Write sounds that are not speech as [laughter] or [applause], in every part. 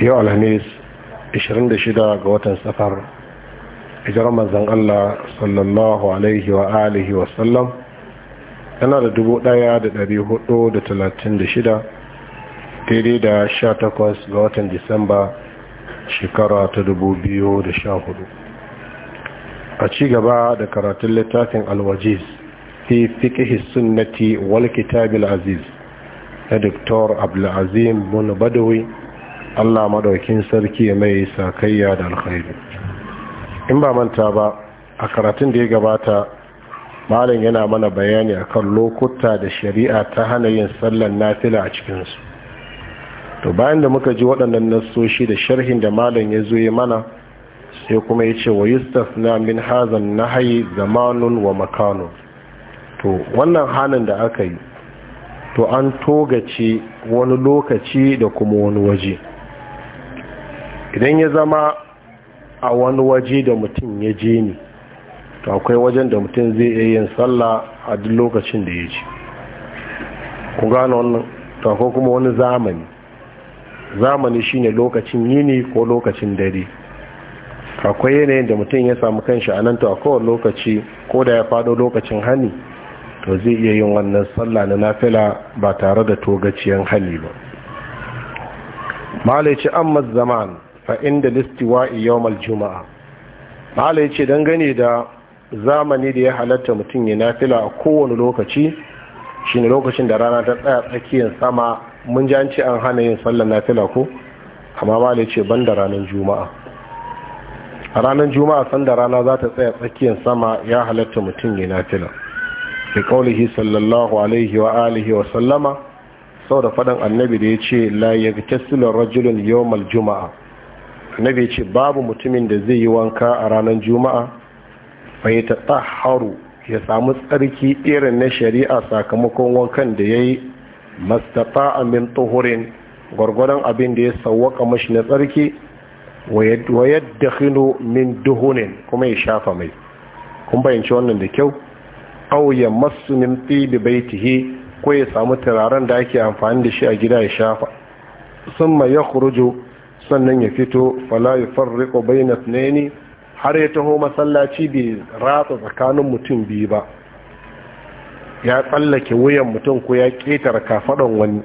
yau alhamis 26 ga watan safar hijirar manzan Allah sallallahu alaihi wa alihi sallam yana da 1436 daidai da sha 18 ga watan disamba shekara ta da 2014 a ci gaba da karatun littafin alwajiz fi fiƙihi sunnati wal kitabil aziz na dr abdulazim bin badawi Allah madaukin sarki mai sakayya da alkhairi in ba manta ba a karatun da ya gabata malam yana mana bayani akan lokuta da shari'a ta hana yin sallar nafila a cikinsu to bayan da muka ji waɗannan nassoshi da sharhin da malam ya zo ya mana sai kuma ya ce wa yustasna min hazan nahayi zamanun wa makano, to wannan hannun da aka yi to an togace wani lokaci da kuma wani waje idan ya zama a wani waje da mutum ya je ni, to akwai wajen da mutum zai iya yin sallah a duk lokacin da ya ce ku gano wannan to kuma wani zamani zamani shine lokacin yini ko lokacin dare akwai yanayin da mutum ya samu kanshi a nan to akwai wani lokaci ko da ya fado lokacin hani to zai iya yin wannan sallah na nafila ba tare da togaciyan hali ba malai ci amma zaman fa inda listiwa'i yawmal juma'a ce don dangane da zamani da ya halatta mutum ya nafila a kowane lokaci shine lokacin da rana ta tsaya tsakiyar sama mun ji an an hana yin sallar nafila ko amma ce ban da ranar juma'a a ranar juma'a sanda rana za ta tsaya tsakiyar sama ya halatta mutum ya nafila bi qaulihi sallallahu alaihi wa alihi wa sallama sau da fadan annabi da ya yace la yaghtasilu rajulun yawmal juma'a annabi ce babu mutumin da zai yi wanka a ranar juma'a bai ta ya samu tsarki irin na shari'a sakamakon wankan da ya yi mastata amin tuhurin gwargwadon abin da ya sawwaka mashi na tsarki wa yadda hino min duhunin kuma ya shafa mai kun bayanci wannan da kyau auya ya masu min tsibi baitihi ko ya samu turaren da ake amfani da shi a gida ya shafa sun ma ya kurujo sannan ya fito fala ya farriƙo na tsanaini har ya taho masallaci bai ratsa tsakanin mutum biyu ba ya tsallake wuyan mutum ko ya ƙetare kafaɗon wani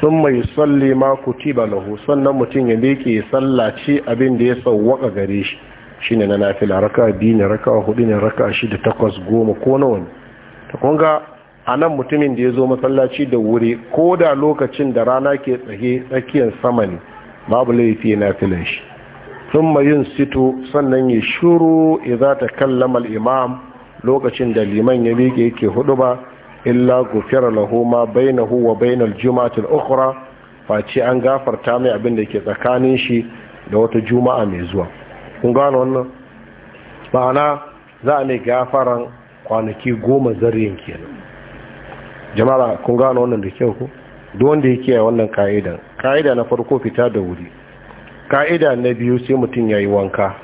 sun mai tsalle ma kutiba lahu sannan mutum ya leke sallaci abin da ya sauwaka gare shi shine na nafila raka biyu ne raka hudu ne raka shi da takwas goma ko na wani ta kunga a nan mutumin da ya zo masallaci da wuri ko da lokacin da rana ke tsaye tsakiyar sama ne babu laifi na filin shi sun yin sito sannan ya shuru idza ta kallama imam lokacin da liman ya miƙe yake hudu ba illa gufira lahu ma huwa bai na juma'atul face an gafarta mai abin da ke tsakanin shi da wata juma'a mai zuwa kun gano wannan ma'ana za a mai gafaran kwanaki goma zarrin kenan jama'a kun gano wannan da kyau ko duk wanda ya kiyaye wannan ka'idan ka'ida na farko fita da wuri ka'ida na biyu sai mutum ya yi wanka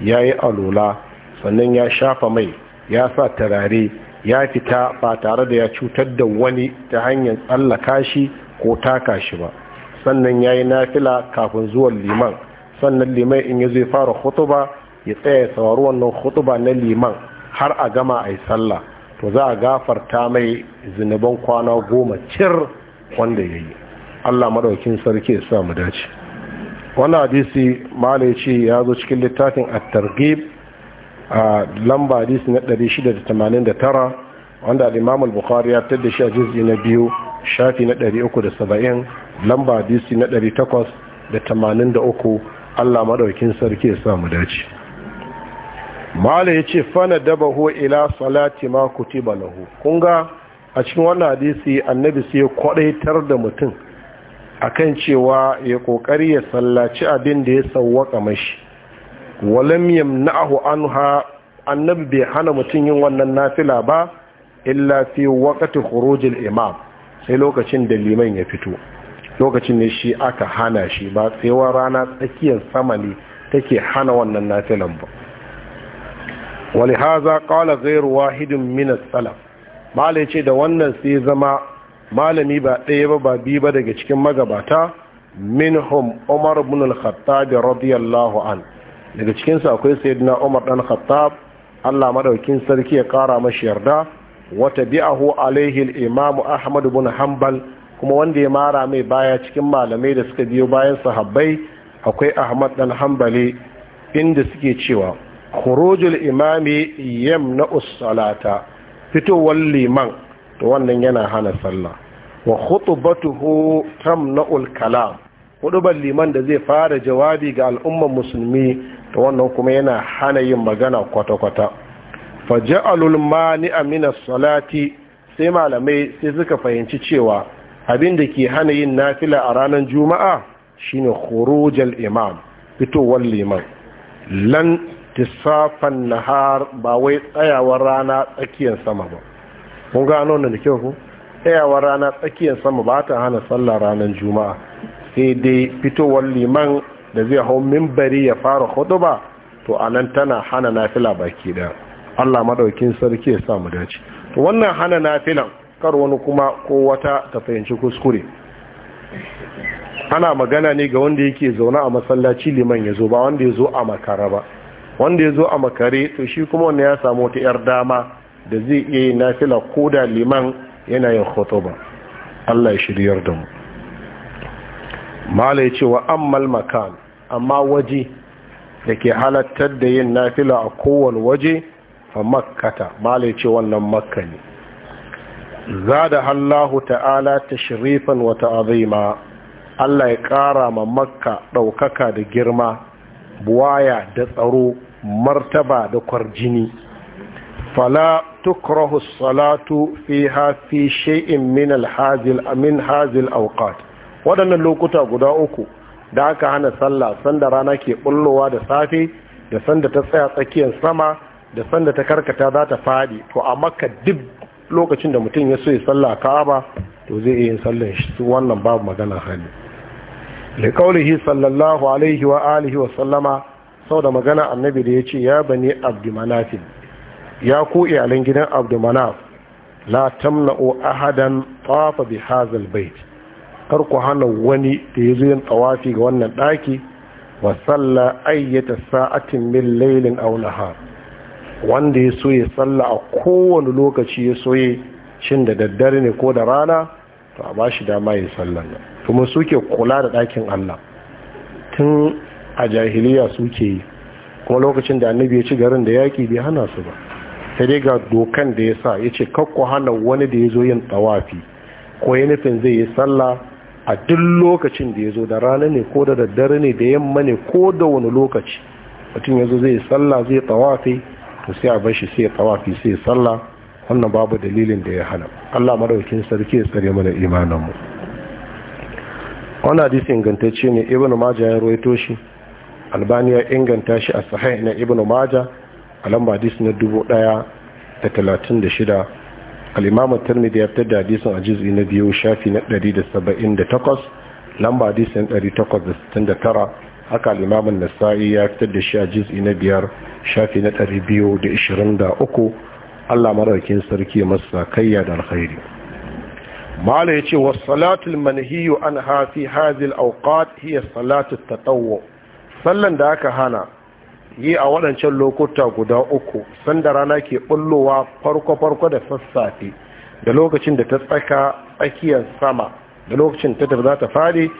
ya yi alola sannan ya shafa mai ya sa tarare ya fita ba tare da ya cutar da wani ta hanyar tsallaka shi ko taka shi ba sannan ya yi nafila kafin zuwan liman sannan liman in ya zai fara hutuba ya tsaya saurari wannan hutuba na liman har a gama a yi sallah to za a gafarta mai zunuban kwana goma cir wanda ya yi allah maɗaukin sarki ya sa mu dace wannan hadisi malai ce ya zo cikin littafin at-targhib a lamba hadisi na 689 wanda al-imam al-bukhari ya tadda shi a juz'i na biyu shafi na 370 lamba hadisi na 883 Allah maɗaukin sarki ya sa mu dace malai ya ce fana dabahu ila salati ma kutiba lahu kun ga a cikin wannan hadisi annabi sai ya kwadaitar da mutum akan cewa ya kokari ya sallaci abin da ya sawwaka mashi walam yamna'ahu anha annabi bai hana mutum yin wannan nafila ba illa fi waqti khurujil imam sai lokacin da liman ya fito lokacin ne shi aka hana shi ba sai wa rana tsakiyar sama ne take hana wannan nafilan ba walihaza qala ghayru wahidin min as-salaf malai ce da wannan sai zama malami ba ɗaya ba ba biyu ba daga cikin magabata minhum umar ibn al-khattab radiyallahu an daga cikin sa akwai sayyidina umar dan khattab Allah madaukin sarki ya kara mashi yarda wa tabi'ahu alaihi al-imam ahmad ibn hanbal kuma wanda ya mara mai baya cikin malamai da suka biyo bayan sahabbai akwai ahmad dan hanbali inda suke cewa khurujul imami yamna us-salata fitowar liman to wannan yana hana sallah wa khutbatuhu tamna'ul kalam hudubar liman da zai fara jawabi ga al'umman musulmi to wannan kuma yana hana yin magana kwata-kwata faja'alul mani'a min salati sai malamai sai suka fahimci cewa abin da ke hana yin nafila a ranar juma'a shine khurujal imam fitowar liman lan tisafan nahar ba wai tsayawar rana tsakiyar sama ba kun gano nan da kyau ku tsayawar rana tsakiyar sama ba ta hana sallar ranar juma'a sai dai fitowar liman da zai hau mimbari ya fara ba, to a nan tana hana nafila baki daya Allah madaukin sarki ya sa mu dace to wannan hana nafilan kar wani kuma ko wata ta fahimci kuskure ana magana ne ga wanda yake zaune a masallaci liman ya zo ba wanda ya zo a makara ba wanda ya zo a makare to shi kuma wanda ya samu wata yar dama da zai iya yi nafila ko da liman yana yin khutuba Allah ya shiryar da mu mala ya ce wa ammal makan amma waje da ke halattar da yin nafila a kowane waje fa makkata mala ya ce wannan makka ne zada Allahu ta'ala tashrifan wa ta'zima Allah ya ƙara ma makka ɗaukaka da girma buwaya da tsaro martaba da kwarjini fala tukrahu salatu fiha fi shay'in min al-hazil Amin, hazil awqat waɗannan lokuta guda uku da aka hana sallah sanda rana ke bullowa da safe da sanda ta tsaya tsakiyar sama da sanda ta karkata za ta fadi to a makka duk lokacin da mutum ya so ya sallah ka'aba to zai iya yin sallan shi wannan babu magana hali li qaulihi sallallahu alaihi wa alihi wa sallama Sau da magana annabi da ya ce ya bani abdumanafin ya ku iyalan gidan abdumanaf la tamna'u ahadan tawafa bi hazal bait kar ku hana wani da ya zo yin tawafi ga wannan daki wa salla ayyata sa'atin min lailin aw nahar wanda ya so ya salla a kowane lokaci ya so ya shin da daddare ne ko da rana to a bashi dama ya sallan nan kuma suke kula da dakin Allah tun a jahiliya suke yi kuma lokacin da annabi ya ci garin da yaƙi bai hana su ba sai dai ga dokan da ya sa ya ce kakko hana wani da ya zo yin tsawafi ko ya nufin zai yi sallah a duk lokacin da ya zo da rana ne ko da daddare ne da yamma ne ko da wani lokaci mutum ya zo zai yi sallah zai tsawafi to sai a bashi sai tsawafi sai sallah wannan babu dalilin da ya hana Allah madaukakin sarki ya tsare mana imanin mu wannan hadisi ingantacce ne ibnu majah ya rawaito shi albani ya inganta shi a sahih na ibnu maja a lamba hadis na 1036 al-imam at ya fitar da hadisun a jizgi na biyu shafi na 178 lamba na 869 haka alimamin nasai ya fitar da shi a jizgi na biyar shafi na 223 Allah mararkin sarki masa kayya da alkhairi mala ce wa salatul manhiyu an hafi hadhihi al-awqat hiya salatu at sallan da aka hana yi a waɗancan lokuta guda uku sanda rana ke ɓullowa farko-farko da sassafe da lokacin da ta tsaka tsakiyar sama da lokacin ta tafi za ta fadi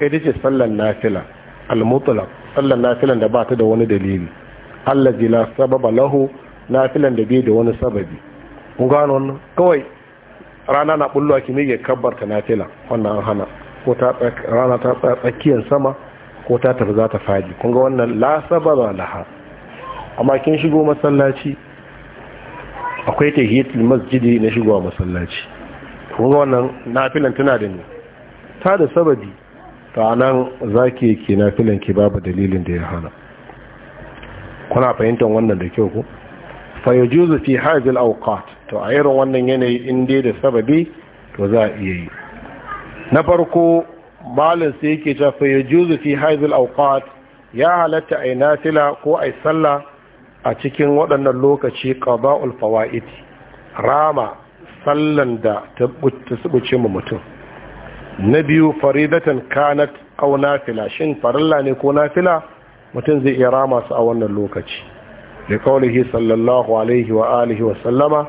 ita ce sallan nafila almutulak sallan nafilan da ba ta da wani dalili allah la sababa lahu nafilan da bai da wani sababi gano kawai rana na ɓullowa a kimiyyar ya nafila wannan an hana ko rana ta tsakiyar sama ko ta tafi za ta fadi kun ga wannan la sababa laha amma kin shigo masallaci akwai tahiyatul masjidi na shigowa masallaci kun ga wannan nafilan tana da ni ta da sababi to anan zaki ki nafilan ki babu dalilin da ya hana kuna fahimtar wannan da kyau ko fa yajuzu fi hadhihi al-awqat to a irin wannan yanayi in dai da sababi to za a iya yi na farko malin sai yake cewa fa yajuzu fi haizul awqat ya halatta ay nafila ko ay sallah a cikin waɗannan lokaci qada'ul fawaid rama sallan da ta tsubuce mu mutum na biyu faridatan kanat aw nafila shin farilla ne ko nafila mutum zai iya rama su a wannan lokaci da kaulihi sallallahu alaihi wa alihi wa sallama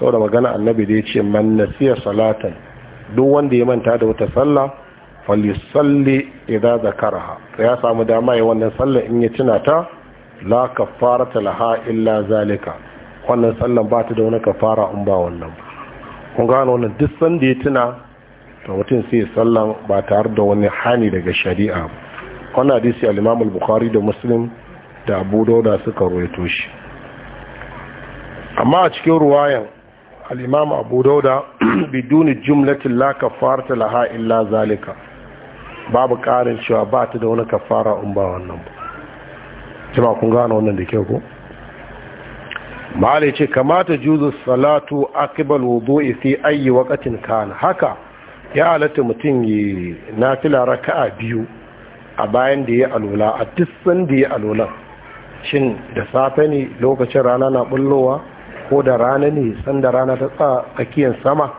sau da magana annabi da ya ce man nasiya salatan duk wanda ya manta da wata sallah falisalli idza ha ya samu dama ya wannan sallar in ya tuna ta la ta laha illa zalika wannan sallar ba ta da wani kafara in ba wannan kun gano wannan duk sanda ya tuna ta mutum sai ya sallar ba tare da wani hani daga shari'a wannan hadisi alimamul bukari da Muslim da Abu dauda suka rawaito shi amma a cikin ruwayan alimamu imam Abu Dawud biduni jumlatin la ta laha illa zalika babu ƙarin cewa ba ta da wani kafara in ba wannan ba jima kun gane wannan da kyau ko mahalai ce kamata juzu salatu akibal wudu'i isi ayi wakacin kana haka ya halatta mutum yi raka a biyu a bayan da ya alola a duk sanda ya alola shin da safe ne lokacin rana na bullowa ko da rana ne sanda rana ta tsakiyar sama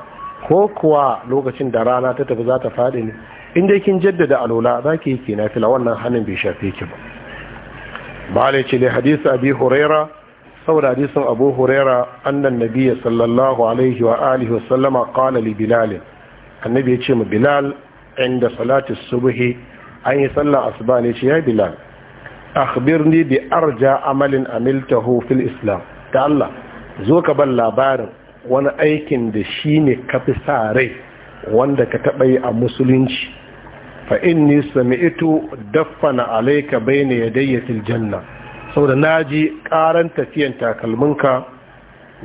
ko kuwa lokacin da rana ta tafi za ta faɗi ne Inda kin jaddada alola za ki yi kina fila wannan hannun bai shafe ki ba malai ce da hadisi abi huraira saboda hadisin abu huraira annan nabiya sallallahu alaihi wa alihi wa sallama qala li bilal annabi ya ce mu bilal inda salati subhi an yi sallar asuba ne ce ya bilal akhbirni bi arja amalin amiltahu fil islam Ta Allah zo ka ban labarin wani aikin da shi ne kafi sa rai wanda ka taɓa yi a musulunci fa inni sami'tu daffana alayka bayna ya fil janna saboda ji karan tafiyan takalminka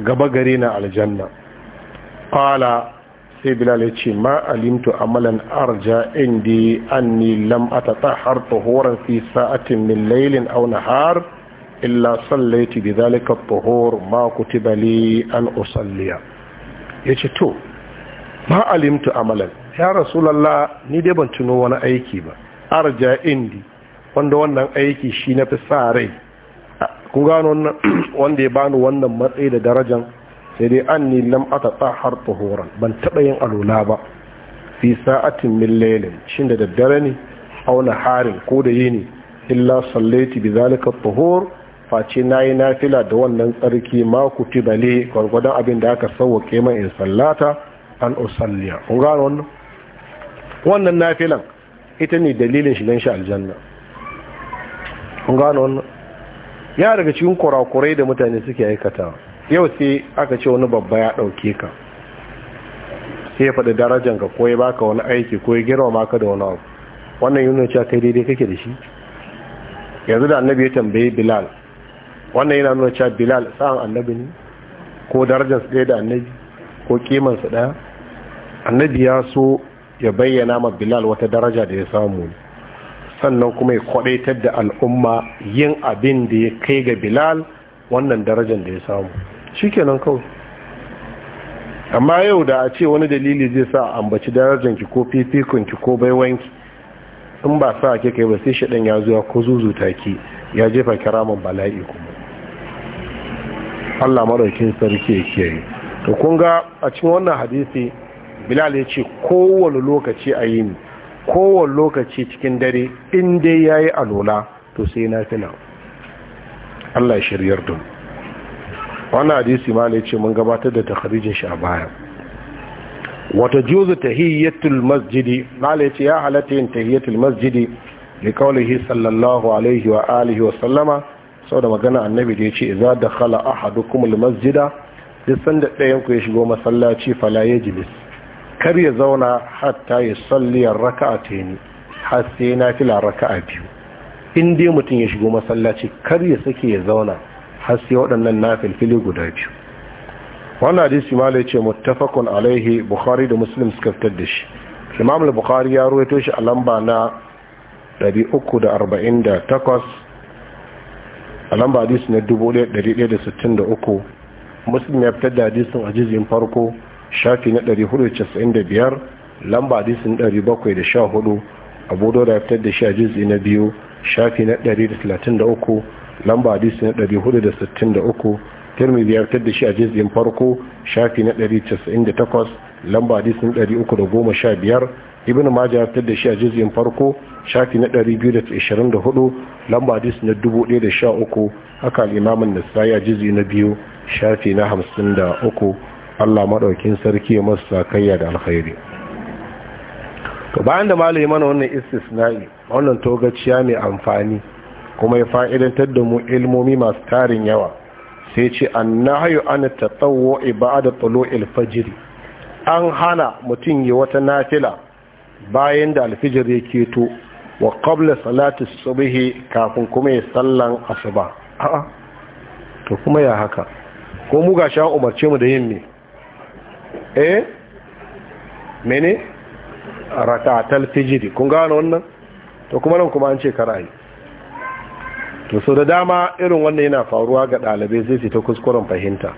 gaba gare na aljanna Fala sai bilal ya ce ma alimtu amalan arja indi anni lam atatahhar tuhuran har sa'atin min laylin aw nahar illa sallaiti bi dhalika at-tuhur ma kutiba li an usalliya yace to ma alimtu amalan ya rasulallah ni dai ban tuno wani aiki ba arja indi wanda wannan aiki shi na fi sa rai kun gano [clears throat] wanda ya bani wannan matsayi da darajan sai dai an ni lam ata har ban taɓa yin alola ba fi sa'atin min lailin shin da daddare ne auna harin ko da yini illa sallati bi zalika tuhur face nayi nafila da wannan tsarki ma kutibale gwargwadon abin da aka sauwake man in sallata an usalliya kun gano wannan wannan nafilan ita ne dalilin shigan shi aljanna kun gano wannan ya daga cikin kurakurai da mutane suke aikata yau sai aka ce wani babba ya ɗauke ka sai ya faɗi darajan ka ko ya baka wani aiki ko ya girma ka da wani abu wannan yi cewa kai daidai kake da shi yanzu da annabi ya tambayi bilal wannan yana nuna cewa bilal sa'an annabi ne ko darajarsa ɗaya da annabi ko kimansa ɗaya annabi ya so ya bayyana ma bilal wata daraja da ya samu sannan kuma ya kwadaitar da al'umma yin abin da ya kai ga bilal wannan darajar da ya samu shikenan kawai amma yau da a ce wani dalili zai sa a ambaci darajar ki ko fifikon ki ko baiwanki in ba sa ke kai ba sai shaɗan ya zuwa ko zuzuta ki ya jefa kiraman bala'i kuma Allah maraukin sarki ya kiyaye to kun ga a cikin wannan hadisi bilal ya ce kowane lokaci a yini kowane lokaci cikin dare in dai ya yi alola to sai na fina. allah ya shiryar don wani hadisi ma ya ce mun gabatar da takharijin shi a baya wata juzu hiyyatul masjidi lalai ya ce ya halatta yin ta hiyyatul masjidi da kawalihi sallallahu alaihi wa alihi wa sallama sau da magana annabi da ya ce za da khala a kuma masjida duk sanda ɗayan ku ya shigo masallaci falaye ya jilis kar ya zauna hatta ya salliyar raka'a ta yi har sai na fila raka'a biyu in dai mutum ya shigo masallaci kar ya sake ya zauna har sai waɗannan na filfili guda biyu wannan hadisi ma ce muttafaqun alaihi bukhari da muslim suka fitar da shi imam al-bukhari ya ruwaito shi a lamba na 348 a lamba hadisi na 1163 muslim ya fitar da hadisin a farko shafi na 495 lamba hadisin 714 abu da ya fitar da shi a jizi na biyu shafi na 133 lamba hadisi na 463 tirmidhi ya fitar da shi a jizgin farko shafi na 198 lamba hadisi 315 ibn maja ya fitar da shi a jizgin farko shafi na 224 lamba hadisi na 1013 haka al'imamin nasai a jizgi na biyu shafi na 53 Allah maɗaukin sarki ya masu sakayya da alkhairi to bayan da malami mana wannan istisna'i wannan togaciya mai amfani kuma ya fa'idantar da mu ilmomi masu tarin yawa sai ce an an tattawo ibada tsalo alfajiri an hana mutum yi wata nafila bayan da alfijir ya keto wa qabla salati subhi kafin kuma ya sallan asuba a'a to kuma ya haka ko mu ga sha umarce mu da yin ne. eh mene raka'atal fijiri kun gano wannan to kuma nan kuma an ce karayi to so da dama irin wannan yana faruwa ga ɗalibai zai fita kuskuren fahimta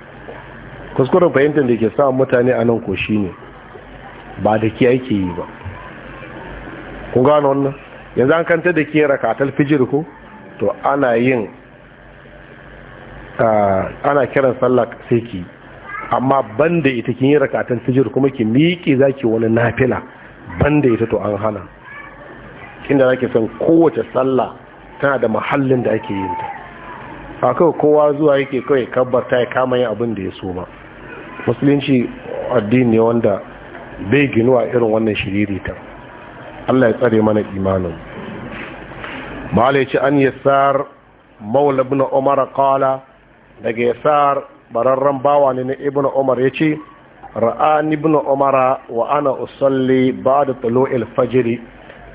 kuskuren fahimtar da ke samun mutane a nan ko shi ne ba da ke aiki yi ba kun gano wannan yanzu an kanta da ke rakatar fijir ko to ana yin ah, ana kiran sallah sai ki yi. amma banda ita kin yi rakatan fijir kuma ki miƙe zaki wani nafila banda ita to an hana inda zaki san kowace sallah tana da mahallin da ake yin ta a kawai kowa zuwa yake kawai kabbarta ya kama yin abin da ya so ma musulunci addini ne wanda bai ginuwa irin wannan shiriri ta Allah ya tsare mana imanin malai ce an yasar maula ibn umar qala daga yasar bararren bawa ne na ibn umar ya ce ra'an ibn umara wa ana usalli ba da tsalo alfajiri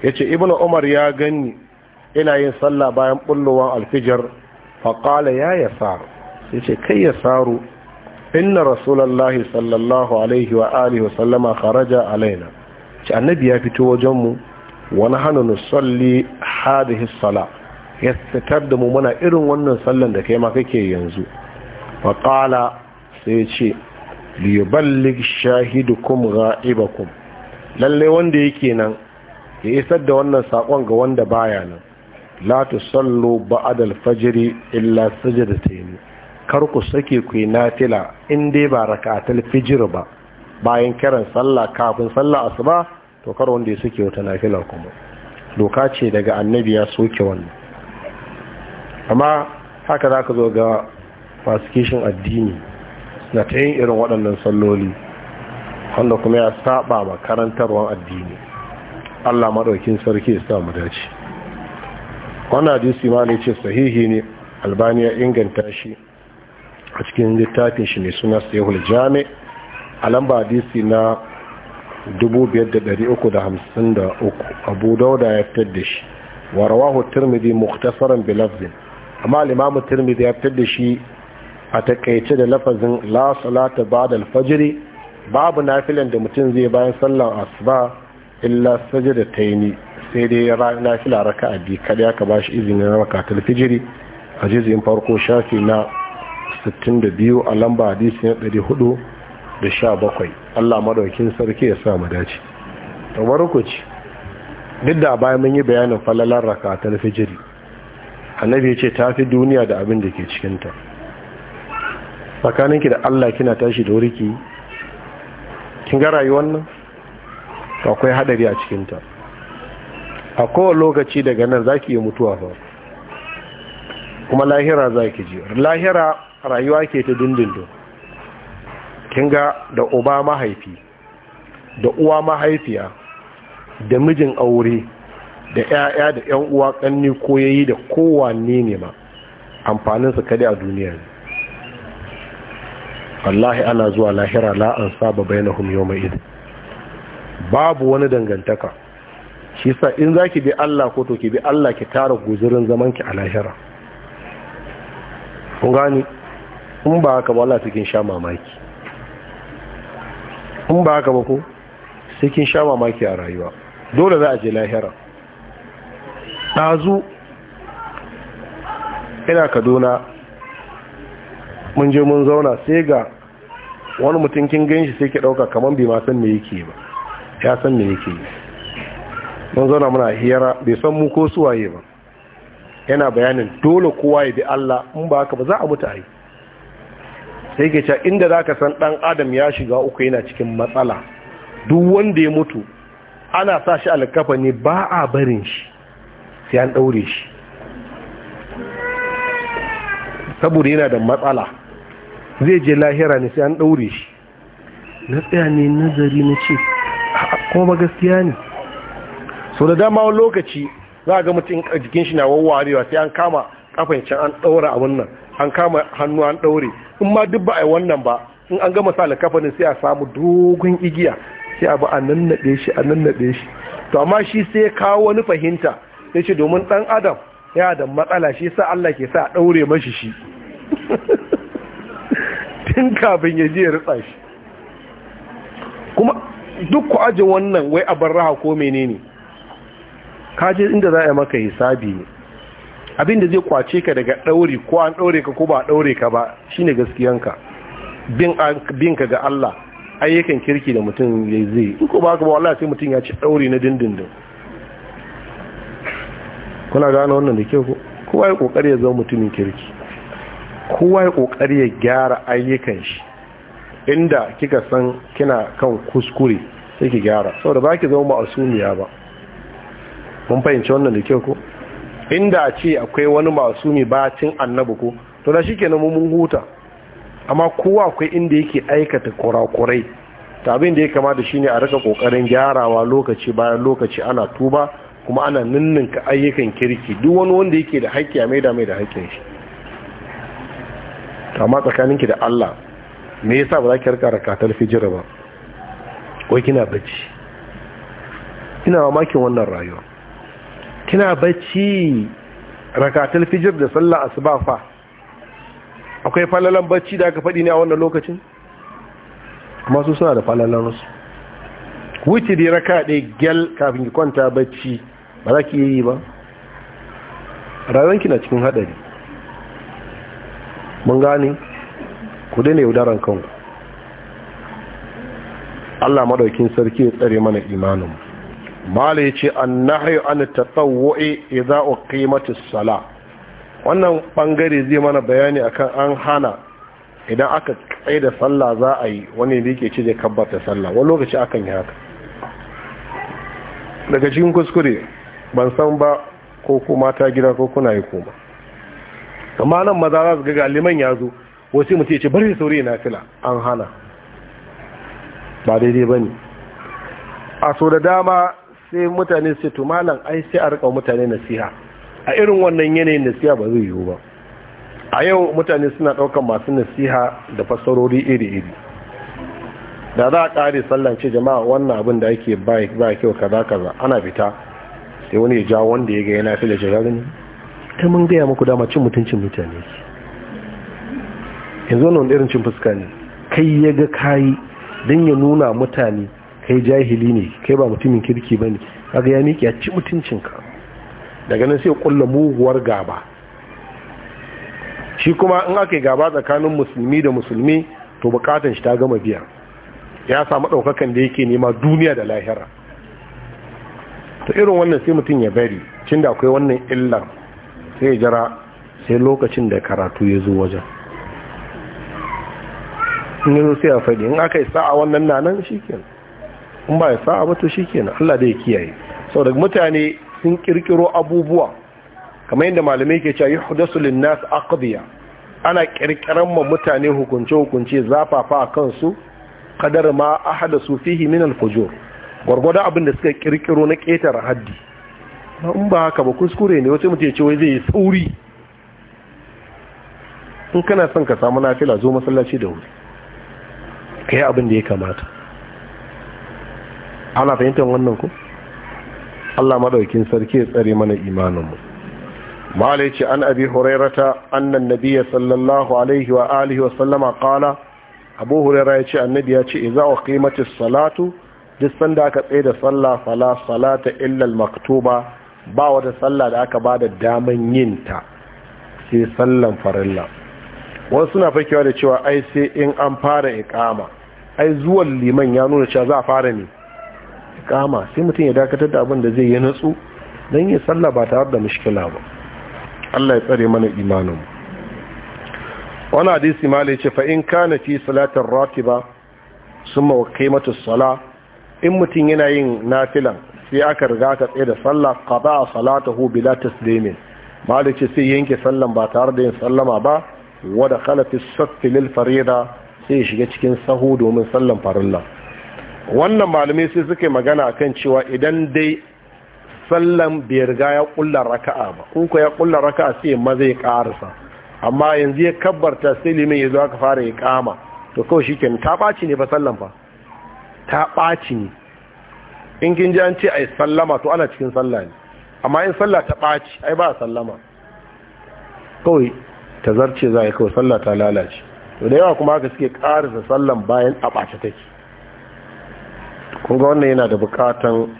ya ce ibn umar ya gani ina yin sallah bayan bullowan alfijar faƙala ya ya saru sai ce kai ya saru inna rasulallahi sallallahu alaihi wa alihi wa sallama kharaja alaina ce annabi ya fito wajenmu wani hana nusalli hadihis sala ya fitar da mu muna irin wannan sallan da kai ma kake yanzu faƙala sai ce liyuballig shahidukum ga'ibakum lallai wanda yake nan ya isar da wannan saƙon ga wanda baya nan latu tusallu ba'da al illa sajdatayn kar ku sake ku nafila in dai ba rak'atul fajr ba bayan kiran sallah kafin sallah asuba to kar wanda ya sake wata nafila kuma doka ce daga annabi ya soke wannan amma haka zaka zo ga Fasikishin addini na ta yin irin waɗannan salloli wanda kuma ya saba ma karantarwar addini Allah maɗaukin sarki ya samu dace wannan hadisi ma ne ce sahihi ne albani ya inganta shi a cikin littafin shi mai suna sayhul jami a lamba hadisi na 5353 abu dauda ya fitar da shi Warawahu rawahu tirmidhi mukhtasaran amma Limamu imam ya fitar da shi a takaice da lafazin la salata ba'da al-fajr babu nafilan da mutum zai bayan sallar asuba illa sajda tayni sai dai nafila raka'a bi kada ya ka bashi izinin raka'atul fajr a jizin farko shafi na 62 a lamba hadisi na 417 Allah madaukin sarki ya sa mu dace tabarkuci duk da bayan mun yi bayanin falalar ta fajr annabi ya ce fi duniya da abin da ke cikinta tsakaninki da Allah kina tashi da wuri ki kin ga rayuwar nan akwai hadari a cikin ta a kowane lokaci daga nan zaki yi mutuwa fa kuma lahira zaki ji lahira rayuwa ke ta dindindin kin ga da uba mahaifi da uwa mahaifiya da mijin aure da 'ya'ya da 'yan uwa kanni koyayi da kowanne ne ma amfaninsa kada a duniya ne wallahi ana zuwa lahira la an saba bainahum yawma id babu wani dangantaka shi sa in zaki bi Allah ko to ki bi Allah ki tara guzurin zaman ki a lahira kun gani in ba haka ba Allah cikin sha mamaki in ba haka ba ko cikin sha mamaki a rayuwa dole za a je lahira ɗazu ina kaduna mun je mun zauna sai ga wani mutum kin gan shi sai ke ɗauka kamar bai ma san me yake ba ya san me yake yi mun zauna muna hira bai san mu ko su waye ba yana bayanin dole kowa ya bi Allah in ba haka ba za a mutu ai sai ke cewa inda zaka san ɗan adam ya shiga uku yana cikin matsala duk wanda ya mutu ana sa shi alkafa ne ba a barin shi sai an ɗaure shi saboda yana da matsala zai je lahira ne sai an ɗaure shi na tsaya ne nazari na ce kuma gaskiya ne so da dama wani lokaci za a ga mutum a jikin shi na wawarewa sai an kama kafin can an ɗaura a wannan an kama hannu an ɗaure in ma duk ba a yi wannan ba in an gama sa kafanin sai a samu dogon igiya sai ba a nannaɗe shi a nannaɗe shi to amma shi sai ya kawo wani fahimta ya ce domin ɗan adam ya da matsala shi sa Allah ke sa a ɗaure mashi shi [laughs] tun kafin ya je ya ritsa shi kuma duk ku aji wannan wai a barraha ko menene kaji inda za a yi maka hisabi ne abinda zai kwace ka daga ɗauri ko an ɗaure ka ko ba ɗaure ka ba shine gaskiyanka bin ka ga Allah ayyukan kirki da mutum ya zai in ko ba ka ba wallahi sai mutum ya ci ɗauri na dindindin kuna gane wannan da kyau kowa ya kokari ya zama mutumin kirki kowa ya kokari ya gyara ayyukan shi inda kika san kina kan kuskure sai ki gyara saboda ba ki zama masumiya ba mun fahimci wannan da kyau ko inda a ce akwai wani masumi cin annabi ko to da shikenan mun huta amma kowa akwai inda yake aikata kurakurai ta abin da ya kamata shine a rika kokarin gyarawa lokaci bayan lokaci ana tuba kuma ana ninninka ayyukan kirki duk wani wanda yake da haƙƙi a maida mai da haƙƙin shi amma tsakaninki da Allah me yasa ba za ki rika rakatar fijira ba wai kina bacci ina mamakin wannan rayuwa kina bacci rakatar fijir da sallah asuba fa akwai falalan bacci da aka faɗi ne a wannan lokacin masu suna da falalan su wuce da raka ɗaya gyal kafin ki kwanta bacci ba za ki yi ba rayuwanki na cikin haɗari mun gane ku daina yaudaran kanku Allah madaukin sarki ya tsare mana imanin mala yace annahyu an tatawwu'i idza uqimat as-sala wannan bangare zai mana bayani akan an hana idan aka tsaye da sallah za a yi wani da yake cije zai kabbata sallah wani lokaci akan yi haka daga cikin kuskure ban san ba ko kuma ta gida ko kuna yi kuma amma nan maza za su ga galiman ya zo wasu mutu ce bari saurayi na fila an hana ba daidai ba ne a so da dama sai mutane su tumalan ai sai a rika mutane nasiha a irin wannan yanayin nasiha ba zai yiwu ba a yau mutane suna ɗaukan masu nasiha da fasarori iri-iri da za a ƙare sallance jama'a wannan abin da ake ba kyau kaza kaza ana fita sai wani ya ja wanda ya ga yana fi da shigar ne ta mun gaya muku dama cin mutuncin mutane yanzu wani irin cin fuska ne kai ya ga kayi don ya nuna mutane kai jahili ne kai ba mutumin kirki ba ne kaga ya miƙe ya ci mutuncinka daga nan sai kulla muguwar gaba shi kuma in aka yi gaba tsakanin musulmi da musulmi to bukatan shi ta gama biya ya samu ɗaukakan da yake nema duniya da lahira ta irin wannan sai mutum ya bari cin akwai wannan illar sai jira sai lokacin da karatu ya zo wajen in yanzu sai a faɗi in aka yi sa'a wannan na nan shi kenan in ba ya sa'a mato shi kenan allah da ya kiyaye sau daga mutane sun kirkiro abubuwa kamar yadda malamai ke cewa hudasu linnas aqdiya ana kirkiran ma mutane hukunce hukunce zafafa a kansu kadar ma su fihi min al-fujur gwargwada abin da suka kirkiro na ƙetare haddi ba in ba haka ba kuskure ne wasu mutum ya ce wai zai yi sauri in kana son ka samu nafila zo masallaci da wuri ka yi abin da ya kamata ana fahimtar wannan ku Allah madaukin sarki ya tsare mana imaninmu malaici an abi hurairata annan nabiyya sallallahu alaihi wa alihi wa sallama qala abu hurairata ya ce annabi ya ce idza uqimatis salatu duk sanda aka tsaye da sallah fala salata illa al maktuba ba wata sallah da aka ba da daman yin ta sai sallan farilla wasu suna fakewa da cewa ai sai in an fara iqama ai zuwan liman ya nuna cewa za a fara ne iqama sai mutum ya dakatar da abin da zai yi natsu dan yi sallah ba tare da mushkila ba Allah ya tsare mana imanin wani hadisi ma ce fa in kana fi salatin ratiba summa wa qimatu sala in mutum yana yin nafilan sai aka riga ka tsaye da sallah qada hu bila taslimin malik sai yanke sallan ba tare da yin sallama ba wa da khala saff lil farida sai shiga cikin sahu domin sallan farilla wannan malamai sai suke magana akan cewa idan dai sallan bai riga ya kullar raka'a ba in ko ya kulla raka'a sai ma zai karasa amma yanzu ya kabbarta sai limin ya aka fara ya kama to kawai shikenan ta baci ne ba sallan fa ta baci ne in kin ji an ce ai sallama to ana cikin sallah ne amma in sallah ta ɓaci ai ba sallama kawai ta zarce za a yi kawai sallah ta lalace to da yawa kuma haka suke karisa sallan bayan a ɓace take kunga wannan yana da bukatan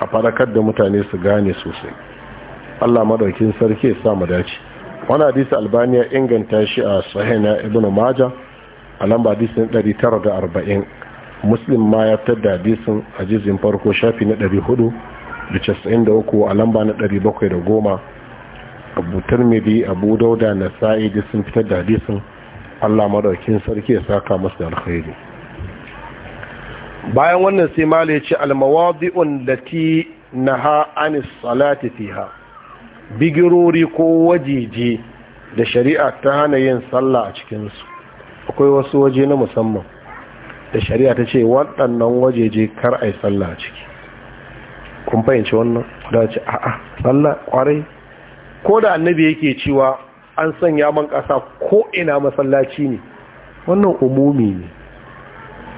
a farakar da mutane su gane sosai allah madaukin sarki ya sa mu dace wani hadisi albaniya inganta shi a sahina ibn maja a lamba hadisi 940 muslim ma ya fitar da hadisin a jizin farko shafi na 493 a lamba na 710 abu tarmidi abu dauda na sa'idi sun fitar da hadisin allah maraukin sarki ya saka masu da alkhairi bayan wannan sai ma ya ce almawadi'un lati naha anis salati fiha bigirori ko wajeje da shari'a ta hana yin sallah a cikinsu akwai wasu waje na musamman da shari'a ta ce waɗannan wajeje kar a yi sallah ciki kun fahimci wannan da ce a'a sallah kwarai ko da annabi yake cewa an sanya man ƙasa ko ina masallaci ne wannan umumi ne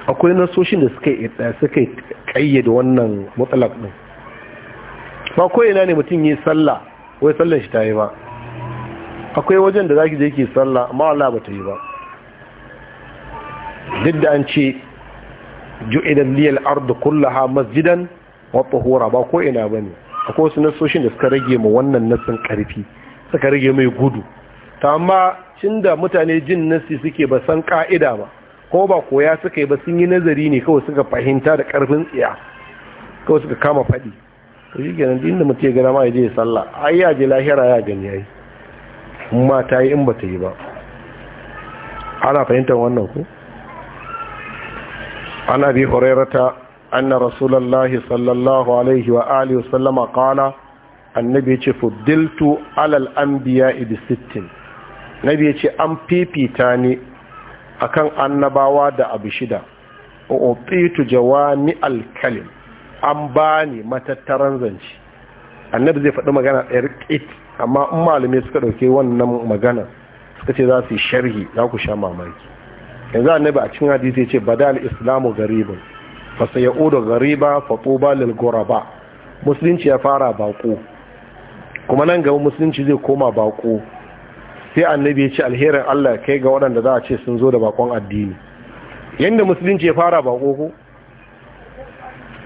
akwai nasoshin da suka yi suka da wannan matsalar ɗin ba ko ina ne mutum yi sallah wai sallar shi ta yi ba akwai wajen da zaki je ki sallah ma'ala ba ta yi ba duk da an ce ju'ilan liyal ardu kullaha masjidan wa tahura ba ko ina bane akwai wasu nasoshin da suka rage mu wannan nasin karfi suka rage mai gudu ta amma tunda mutane jin nasi suke ba san ka'ida ba ko ba koya suka yi ba sun yi nazari ne kawai suka fahimta da karfin tsiya kawai suka kama faɗi to shi kenan inda mutum ya gana ma ya je sallah ai ya je lahira ya gani yayi in ma ta in ba ta yi ba ana fahimtar wannan ku عن ابي هريره ان annabi الله صلى الله عليه واله وسلم an النبي يجي فضلت على الانبياء بست النبي يجي ام بيبيتاني akan annabawa da abu shida u'utitu jawami alkalim an bani matattaran zance annabi zai faɗi magana ɗaya rikit amma in malamai suka ɗauki wannan magana suka ce za su yi sharhi za ku sha mamaki yanzu annabi a cikin hadisi ce badal islamu garibun fa sayaudu gariba fa tuba lil ghuraba musulunci ya fara bako kuma nan gaba musulunci zai koma bako sai annabi ya ce alherin Allah kai ga waɗanda za a ce sun zo da bakon addini yanda musulunci ya fara bako ko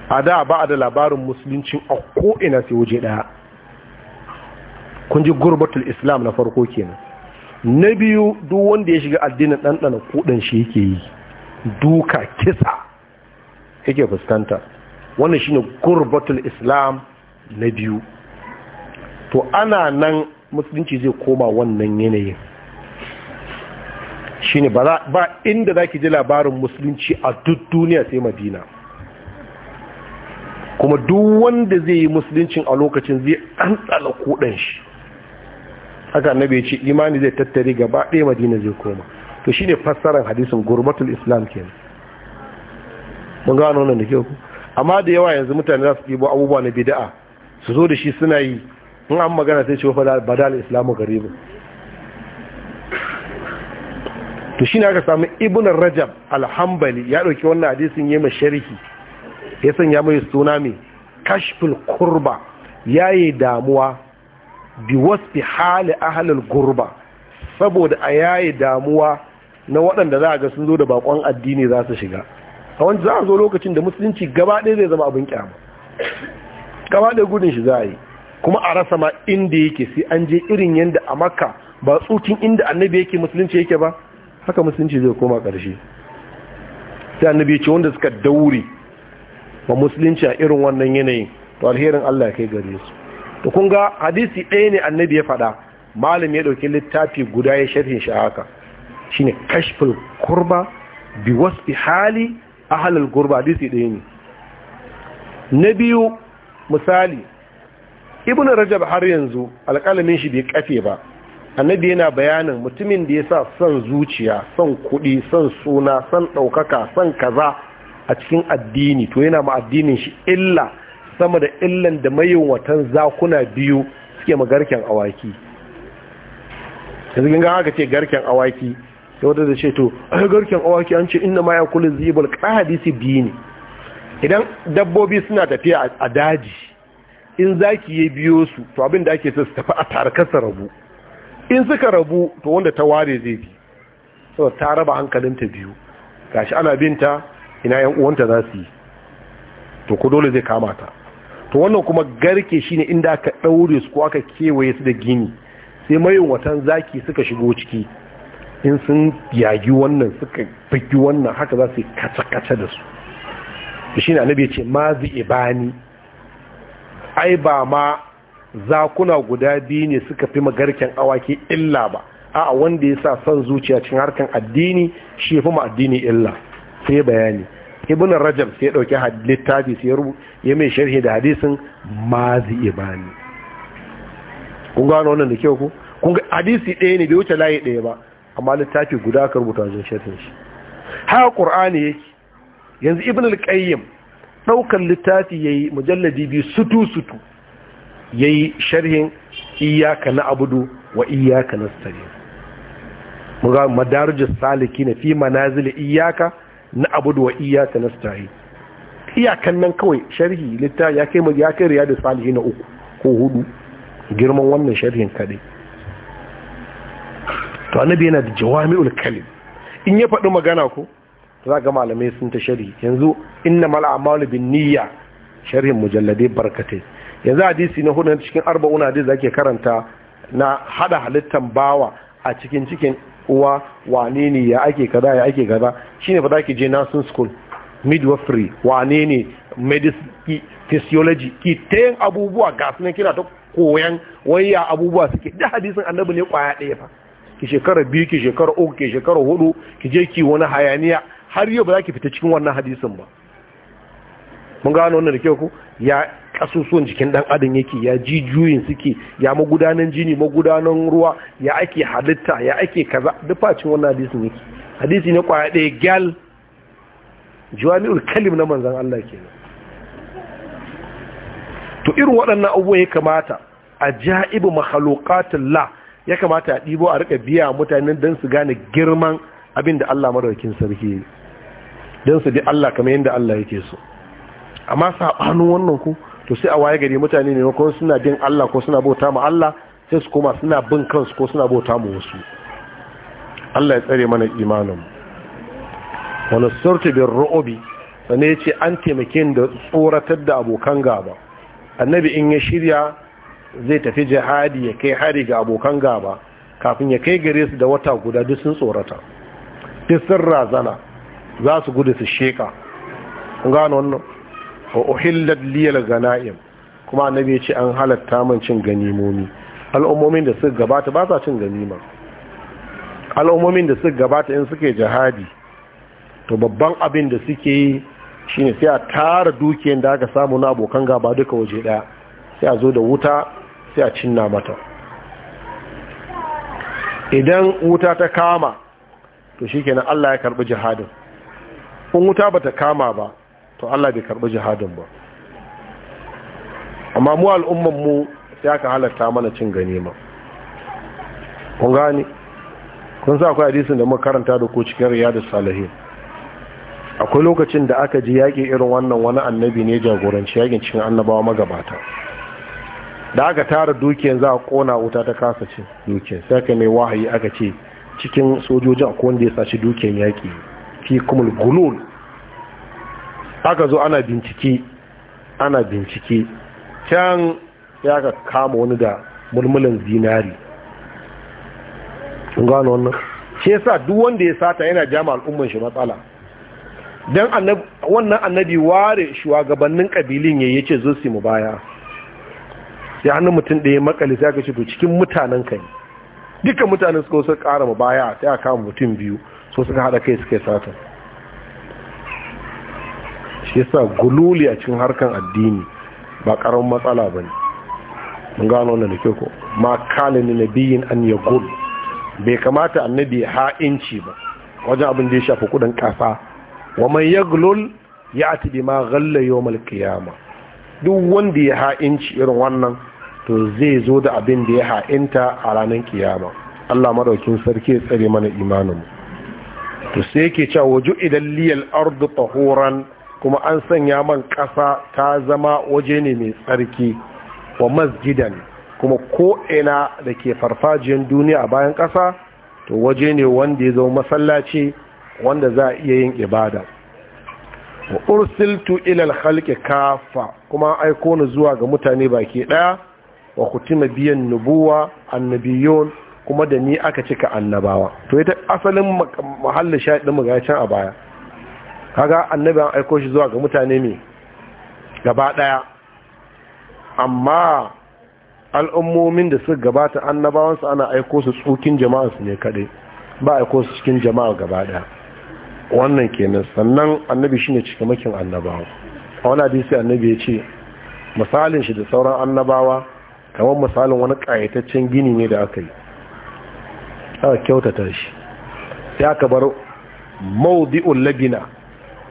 a da ba a da labarin musulunci a ina sai waje ɗaya kun ji gurbatul islam na farko kenan na biyu duk wanda ya shiga addinin ɗanɗana kuɗin shi yake yi duka kisa yake fuskanta wannan shine gurbatul islam na biyu to ana nan musulunci zai koma wannan yanayin shine ba inda zaki ji labarin musulunci a duk duniya sai madina kuma duk wanda zai yi musuluncin a lokacin zai ɗanɗana kuɗin shi haka annabi ya ce imani zai tattare gaba ɗaya madina zai koma to shine fassarar hadisin gurbatul islam kenan mun gano wannan da kyau amma da yawa yanzu mutane za su ɗibo abubuwa na bida'a su zo da shi suna yi in an magana sai ce fa badal islamu garibu to shine aka samu ibn rajab alhambali ya ɗauki wannan hadisin yayin sharhi ya sanya mai suna mai kashful kurba yayi damuwa bi wasfi hali halin gurba saboda a yayi damuwa na waɗanda za a ga sun zo da bakon addini za su shiga a wancan za a zo lokacin da musulunci gaba ɗaya zai zama abin kyama gaba ɗaya gudun shi za a yi kuma a rasa ma inda yake sai an je irin yadda a makka ba tsukin inda annabi yake musulunci yake ba haka musulunci zai koma ƙarshe sai annabi ce wanda suka daure ma musulunci a irin wannan yanayin to alherin Allah ya kai gare su to kun ga hadisi ɗaya ne annabi ya faɗa malam ya ɗauki littafi guda ya sharhin shi haka shine kashfin kurba bi wasu hali ahlul kurba hadisi ɗaya ne na biyu misali ibn rajab har yanzu alƙalamin shi bai kafe ba annabi yana bayanin mutumin da ya sa son zuciya son kuɗi son suna son ɗaukaka son kaza a cikin addini to yana ma addinin shi illa sama da illan da mayunwatan zakuna biyu suke ma garken awaki yanzu ga haka ce garken awaki sai wata da ce to ai garken awaki an ce inda ma ya kullu zibul hadisi biyu ne idan dabbobi suna tafiya a daji in zaki ya biyo su to abin da ake so su tafi a tarkasa rabu in suka rabu to wanda ta ware zai bi so ta raba hankalin ta biyu gashi ana binta ina yan uwanta za su yi to ku dole zai kama ta to wannan kuma garke shine inda aka ɗaure su ko aka kewaye su da gini sai mayin watan zaki suka shigo ciki in sun yagi wannan suka fagi wannan haka za su yi kaca da su shi ne annabi ce ma zai ibani ai ba ma zakuna guda biyu ne suka fi magarken awaki illa ba a wanda ya sa son zuciya cin harkar addini shi fi ma addini illa sai bayani ibn rajab sai dauki littafi sai rubu ya mai sharhi da hadisin mazi ibani kun gano wannan da kyau ku kun hadisi ɗaya ne bai wuce layi ɗaya ba amma littafi guda ka rubuta wajen sharhin shi ha qur'ani yake yanzu ibn al-qayyim daukan littafi yayi mujalladi bi sutu sutu yayi sharhin iyyaka na'budu wa iyyaka nasta'in muga madarijus salikin fi manazil iyyaka na abudu wa ta nasta'in iyakan nan kawai sharhi litta ya kai ya kai riyadu salihi na uku ko hudu girman wannan sharhin kadai to annabi yana da jawami'ul kalim in ya faɗi magana ko za ga malamai sun ta sharhi yanzu inna mal a'malu bin niyya sharhin mujalladai barkatai yanzu hadisi na hudu cikin arba'una hadisi zake karanta na hada halittan bawa a cikin cikin uwa wane ne ya ake kaza ya ake kaza shine fa zaki je nursing school midwifery wane ne medicine physiology ki tayin abubuwa ga sunan kina ta koyan wayya abubuwa suke da hadisin annabi ne kwaya ɗaya fa ki shekara biyu ki shekara uku ki shekara hudu ki je ki wani hayaniya har yau ba za ki fita cikin wannan hadisin ba mun gano wannan da kyau ku ya kasusuwan jikin dan adam yake ya ji juyin suke ya magudanan jini magudanan ruwa ya ake halitta ya ake kaza duk facin wannan hadisi ne hadisi ne kwaya ɗaya gal jami'ul kalim na manzan Allah kenan to irin waɗannan abubuwa ya kamata a ja'ibu la, ya kamata a ɗibo a rika biya mutanen don su gane girman abin da Allah madaukin sarki don su bi Allah kamar yadda Allah yake so amma saɓanin wannan ku to sai a waye gari mutane ne ko suna bin Allah ko suna bauta ma Allah sai su koma suna bin kansu ko suna bauta ma wasu Allah ya tsare mana imanin wani surtu bin ru'ubi sannan yace ce an taimake da tsoratar da abokan gaba annabi in ya shirya zai tafi jihadi ya kai hari ga abokan gaba kafin ya kai gare su da wata guda duk sun tsorata duk sun razana za su gudu su sheka kun gano wannan fa uhillat liyal ganaim kuma annabi ya ce an halatta man cin ganimomi al'ummomin da suka gabata ba sa cin ganima al'ummomin da suka gabata in suke jihadi to babban abin da suke yi shine sai a tara dukiyar da aka samu na abokan gaba duka waje daya sai a zo da wuta sai a cinna mata idan wuta ta kama to shikenan Allah ya karbi jihadin in wuta bata kama ba to Allah bai karɓi jihadin ba amma mu al'umman mu sai aka halatta mana cin gani ma. kun gane kun sa akwai hadisin da muka karanta da ku cikin riyadus salihin akwai lokacin da aka ji yaƙi irin wannan wani annabi ne jagoranci yaƙin cikin annabawa magabata da aka tara dukiyan za a kona wuta ta kasa cin dukiyar sai aka mai wahayi aka ce cikin sojojin akwai wanda ya saci dukiyan yaƙi fi kuma gulul aka zo ana bincike ana bincike can ya ka kama wani da mulmulan zinari gano wannan shi yasa duk wanda ya sata yana jama al'umman shi matsala dan wannan annabi ware shugabannin kabilin ya ce zo su mu baya sai hannun mutum da ya makale sai aka ce to cikin mutanen ka ne dukkan mutanen suka ko su kara mu baya sai aka kama mutum biyu so suka hada kai suka sata shi yasa gululi a cikin harkan addini ba karamin matsala ba ne. mun gano wannan da ke ko ma kala ni biyin an gul. bai kamata annabi ya ha'inci ba wajen abin da ya shafi kudin kasa wa man bi ma bima ghalla yawmal qiyamah duk wanda ya ha'inci irin wannan to zai zo da abin da ya ha'inta a ranar kiyama Allah madaukin sarki ya tsare mana imanin mu to sai yake cewa waju idan liyal ardu tahuran kuma an sanya man ƙasa ta zama waje ne mai tsarki wa masjidan kuma ko'ina da ke farfajiyar duniya a bayan ƙasa to waje ne wanda ya zama masallaci wanda za a iya yin ibada wa ursiltu ilal halki kafa kuma aiko ni zuwa ga mutane baki ɗaya wa kutima biyan nubuwa annabiyon kuma da ni aka cika annabawa to ita asalin mahallin shaɗin can a baya kaga annabi an aiko shi zuwa ga mutane ne gaba daya amma al'ummomin da suka gabata annabawansu ana aiko su tsukin jama'a ne kadai ba aiko su cikin jama'a gaba daya wannan kenan sannan annabi shine cikamakin annabawa a wani hadisi annabi ya ce misalin shi da sauran annabawa kamar misalin wani kayataccen gini ne da aka yi aka kyautata shi sai aka bar maudi'ul labina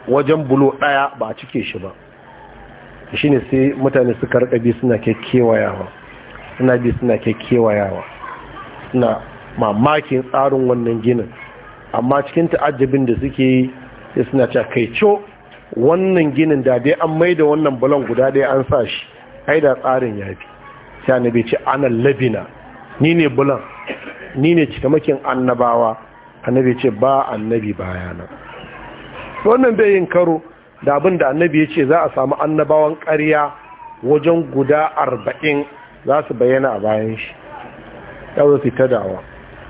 wajen bulo ɗaya ba a cike shi ba shi ne sai mutane suka rika bi suna kekewayawa suna bi suna kekewayawa suna mamakin tsarin wannan ginin amma cikin ta'ajabin da suke yi sai suna cewa co wannan ginin da dai an mai da wannan bulon guda dai an sa shi ai da tsarin ya fi sai annabi ce ana labina ni ne bulon, ni ne cikamakin annabawa annabi ce ba annabi bayana wannan bai yin karo da abin da annabi ya ce za a samu annabawan ƙarya wajen guda arba'in za su bayyana a bayan shi ya zafi ta dawa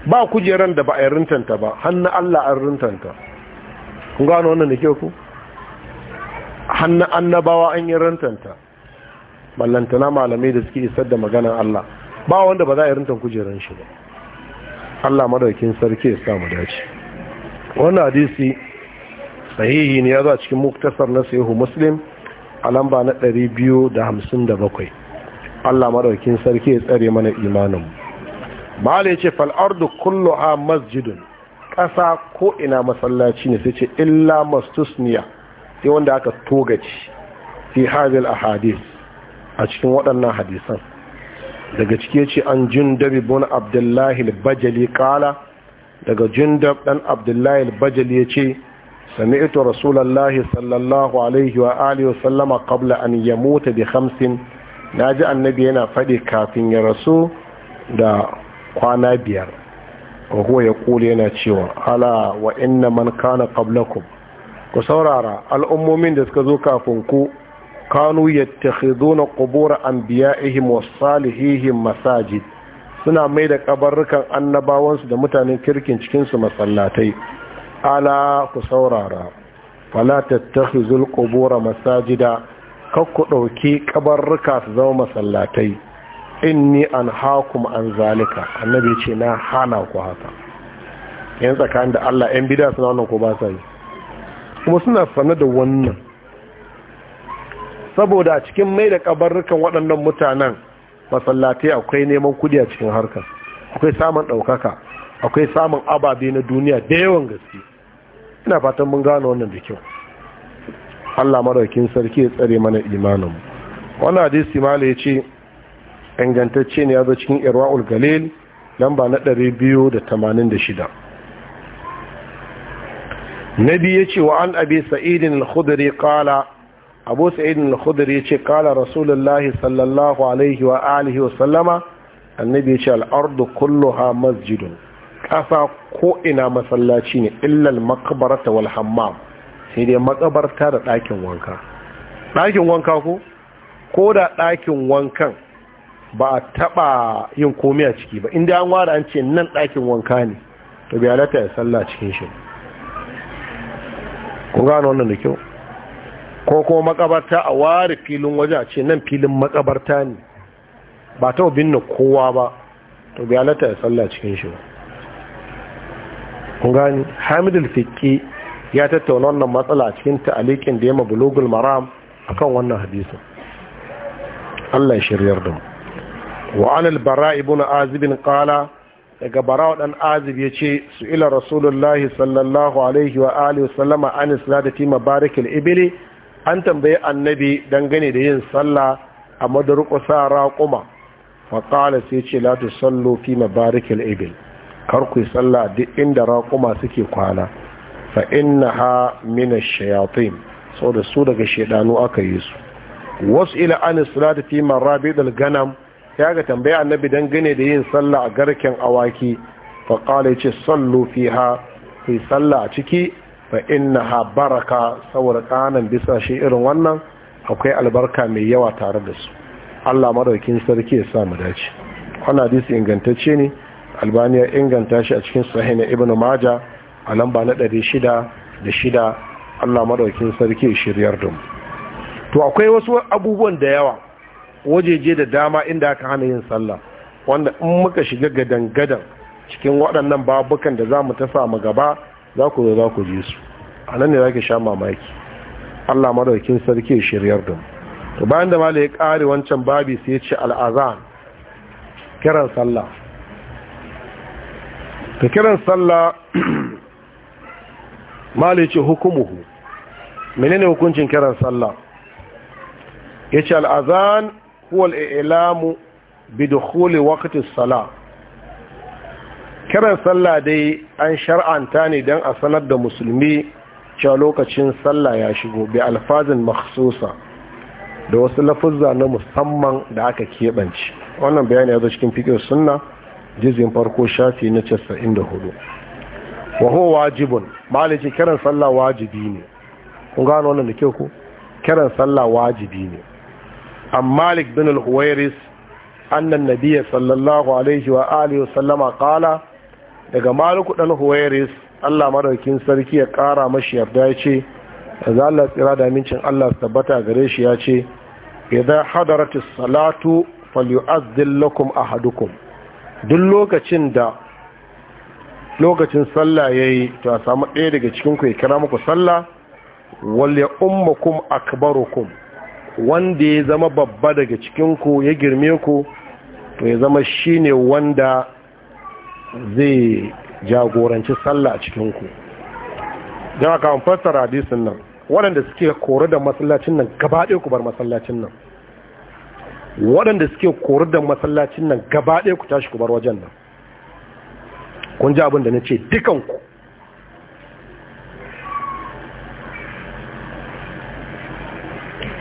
ba kujeran da ba a yi rintanta ba hannu allah an rintanta kun gano wannan da ke ku hannu annabawa an yi rintanta ballantana malamai da suke isar da maganan allah ba wanda ba za a yi rintan kujeran shi ba allah madaukin sarki ya samu dace wannan hadisi sahihi ne ya zo a cikin muktasar na sahihu muslim a lamba na 257 Allah madaukin sarki ya tsare mana imanin mala yace fal ardu kulluha masjidun ƙasa ko ina masallaci ne sai ce illa mastusniya sai wanda aka togaci fi a ahadith a cikin waɗannan hadisan daga cike ce an jundab ibn abdullahi al-bajali kala daga jundab dan abdullahi al-bajali yace سمعت رسول الله صلى الله عليه وآله وسلم قبل أن يموت بخمس ناجع النبي هنا فدي كافين يا رسول دا قانا بيار وهو يقول هنا تشيوى ألا وإن من كان قبلكم كسورارا الأمومين دسكزو كافنكو كانوا يتخذون قبور أنبيائهم وصالحيهم مساجد suna mai da kabarrukan annabawansu da mutanen kirkin cikinsu masallatai ala ku saurara fala tattakhizul qubura masajida kakku ɗauki kabarruka su zama masallatai inni an an zalika annabi ce na hana ku haka yan tsakanin da Allah yan bida suna wannan ko ba sa yi kuma suna sanar da wannan saboda cikin mai da kabarrukan waɗannan mutanen masallatai akwai neman kudi a cikin harkar akwai samun ɗaukaka akwai samun ababe na duniya da yawan gaske ina fatan mun gano wannan da kyau Allah madaukin sarki ya tsare mana imanin wannan hadisi mala ya ce ingantacce ne ya zo cikin irwa'ul galil lamba na 286 nabi ya ce wa an abi sa'idin al-khudri qala abu sa'idin al-khudri ya qala rasulullahi sallallahu alaihi wa alihi wa sallama annabi ya ce al-ardu kulluha masjidun Kasa ko ina masallaci ne illal makabarta wal hammam sai dai makabarta da ɗakin wanka ɗakin wanka ko ko da ɗakin wankan ba a taɓa yin komai a ciki ba inda an wada an ce nan ɗakin wanka ne to bi halatta ya salla cikin shi ko gano wannan da kyau ko kuma makabarta a ware filin waje a ce nan filin makabarta ne ba ta binne kowa ba to bi halatta ya salla cikin shi ba kun gani hamid ya tattauna wannan matsala a cikin ta'alikin da ya ma bulogul maram a kan wannan hadisin Allah ya shiryar da mu wa an al-bara ibn daga bara ɗan azib ya ce su ila rasulullahi sallallahu alaihi wa alihi wasallama an salati mabarik barikin an tambaye annabi dangane da yin sallah a madarukusa raƙuma wa qala sai ce la tusallu fi ma barikin kar ku sallah duk inda raƙuma suke kwana fa innaha ha ash-shayatin da su daga shaidanu aka yi su wasu ila an salati fi marabid dal ganam ya ga tambaya annabi dangane da yin sallah a garken awaki fa qala yace sallu fiha fi sallah a ciki fa ha baraka saboda kanan bisa shi irin wannan akwai albarka mai yawa tare da su Allah madaukin sarki ya sa mu dace wannan hadisi ingantacce ne albani inganta shi a cikin sahih na ibnu maja a lamba na ɗari shida da shida allah maɗaukin sarki shiryar dum to akwai wasu abubuwan da yawa wajeje da dama inda aka hana yin sallah wanda in muka shiga gadan-gadan cikin waɗannan babukan da zamu mu ta samu gaba za ku zo za ku ji su a nan ne zaki sha mamaki allah maɗaukin sarki shiryar dum to bayan da mala ya kare wancan babi sai ya ce al'azan kiran sallah ta kiran sallah [clears throat] ce hukumuhu menene hukuncin kiran sallah ce al'azan huwa al'ilamu bi dukhuli wakati salah kiran sallah dai an shar'anta ne dan a sanar da musulmi cewa lokacin sallah ya shigo bi alfazin makhsusa da wasu lafuzza na musamman da aka keɓanci. wannan bayani ya zo cikin fiqh sunna jizin farko shafi na hudu, wa ho wajibun malaki kiran sallah wajibi ne kun gano wannan da kyau ku, kiran sallah wajibi ne an malik bin al-huwairis annan nabiyya sallallahu alaihi wa alihi wa sallama qala daga maliku dan huwairis Allah madaukin sarki ya kara mashi yarda ya ce za Allah tsira da mincin Allah tabbata gare shi ya ce idan hadaratis salatu falyu'azzil lakum ahadukum duk lokacin da lokacin sallah yayi to a samu ɗaya daga cikin ku ya kira muku sallah wal ya ummukum akbarukum wanda ya zama babba daga cikin ku ya girme ku to ya zama shine wanda zai jagoranci sallah a cikin ku da haka an hadisin nan waɗanda suke kore da masallacin nan gaba ɗaya ku bar masallacin nan waɗanda suke korar da masallacin nan gaba ɗaya ku tashi ku bar wajen nan kun ji abin da na ce dukanku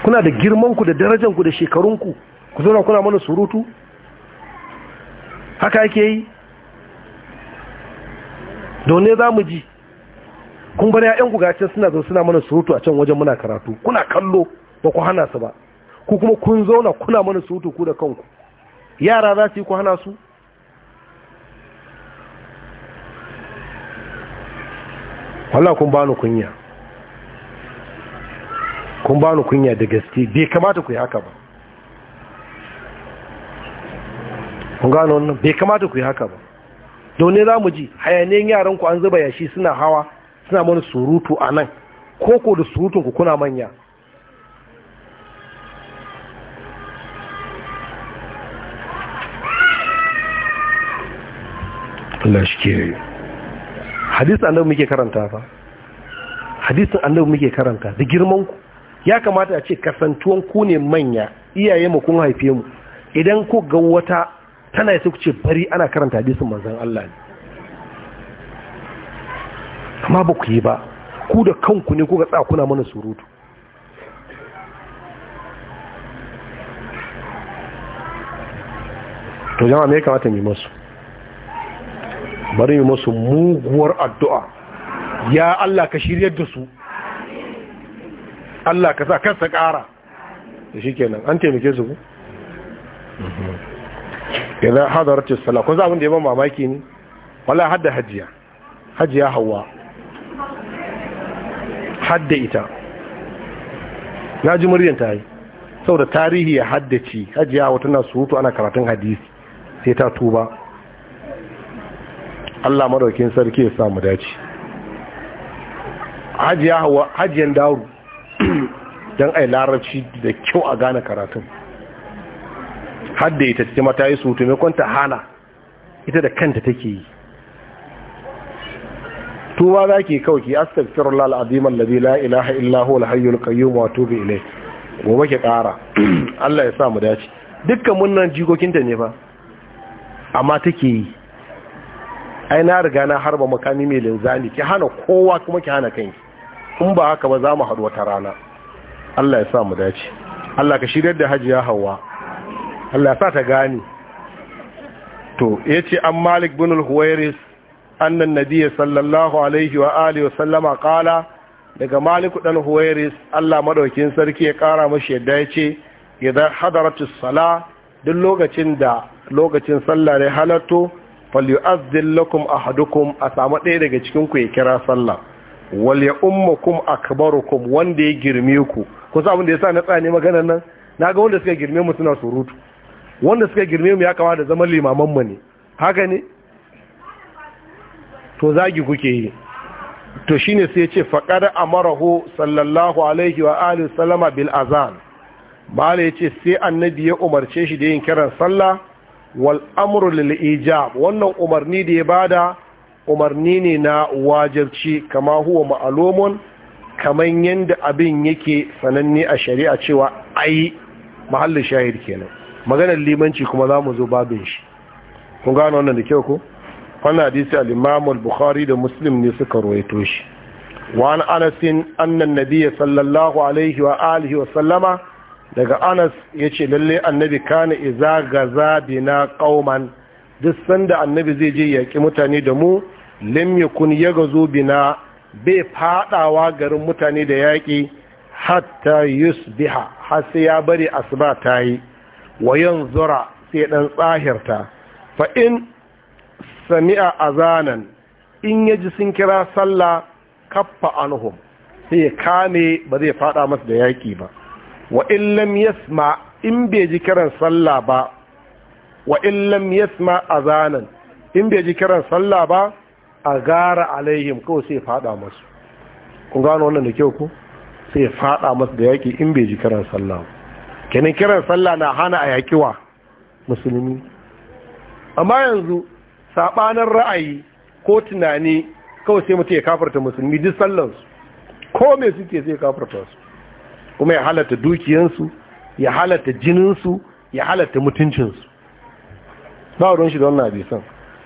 kuna da girmanku da darajanku da shekarunku ku zauna kuna mana surutu haka yake yi ne za mu ji kun bar 'yan gacin suna zo suna mana surutu a can wajen muna karatu kuna kallo ba ku hana su ba ku kuma kun zauna kuna mana surutu ku da kanku yara za su yi ku hana su wallah kun bani kunya kun bani kunya da gaske bai kamata ku yi haka ba kun gano wannan bai kamata ku yi haka ba ne za mu ji hayanin yaran ku an zuba yashi suna hawa suna mana surutu a nan koko da surutun ku kuna manya Allah shi ke hadisun annabi muke karanta fa hadisun annabi muke karanta da girman ku ya kamata a ce kasantuwan ku ne manya iyaye mu kun haife mu idan ku ga wata tana sai ku ce bari ana karanta hadisun manzon Allah ne amma ba ku yi ba ku da kanku ne ku ga tsakuna mana surutu to jama'a me ya kamata mu yi masu bari yi masu muguwar addu'a ya Allah ka shiryar da su Allah ka sa kansa ƙara da shi kenan an taimake su ku yanzu hadarci salakun za a wanda ya ban mamaki ne wala hadda hajiya hajiya hawa hadda ita na ji muryan ta yi saboda tarihi ya haddaci hajiya wata na surutu ana karatun hadisi sai ta tuba Allah maraukin sarki ya samu dace hajiyan daru [clears throat] don ai larabci da kyau a gane karatun hadda ita ce mata yi sutu mai kwanta hana ita da kanta take yi tuwa za ki kauki ki astagfirullah al'azim allazi la ilaha illa huwa wa atubu ilayh gobe ki ƙara [clears throat] Allah ya sa mu dace dukkan munnan jikokinta ne ba, amma take yi ai na riga na harba makami mai linzami ki hana kowa kuma ki hana kanki in ba haka ba za mu haɗu wata rana Allah ya sa mu dace Allah ka shiryar da hajiya hawa Allah ya sa ta gane to yace an Malik bin al-Huwairis annan nabiyyi sallallahu alaihi wa alihi wa sallama qala daga Malik dan Huwairis Allah madaukin sarki ya kara mashi yadda yace idan hadaratus sala duk lokacin da lokacin sallah ne halatto falyu'azzil lakum ahadukum a samu ɗaya daga cikin ku ya kira sallah wal ya akbarukum wanda ya girme ku ku abin da yasa na tsane maganar nan naga wanda suka girme mu suna surutu wanda suka girme mu ya kama da zaman limaman mu ne haka ne to zagi kuke yi to shine sai ya ce faqara amarahu sallallahu alaihi wa alihi sallama bil azan bala yace sai annabi ya umarce shi da yin kiran sallah wal amru lil ijab wannan umarni da ya bada umarni ne na wajibci kama huwa ma'alumun kaman yanda abin yake sananne a shari'a cewa ai mahallin shahid kenan maganar limanci kuma za mu zo babin shi kun gano wannan da kyau ko wannan hadisi al-Imam bukhari da Muslim ne suka rawaito shi wa an anasin annan sallallahu alaihi wa alihi wa sallama daga anas ya ce lalle annabi kane iza gaza bina ƙauman duk sanda annabi zai je yaƙi mutane da mu lam yakun yagazu bina bai fadawa garin mutane da yaƙi hatta yusbiha har sai ya bari asuba ta yi wa yanzura sai dan tsahirta fa in sami'a azanan in ya ji sun kira sallah kaffa anhum sai kame ba zai fada masa da yaƙi ba wa illam yasma in bai ji kiran sallah ba wa illam yasma azanan in bai ji kiran sallah ba a gara alaihim ko sai fada masu kun gano wannan da kyau ku sai fada masu da yaki in bai ji kiran sallah kenan kiran sallah na hana a yakiwa musulmi amma yanzu sabanin ra'ayi ko tunani kawai sai mutum ya kafarta musulmi duk sallansu ko me suke sai kafarta su kuma ya halatta dukiyansu ya halatta jininsu ya halatta mutuncinsu ba a shi da wannan hadisan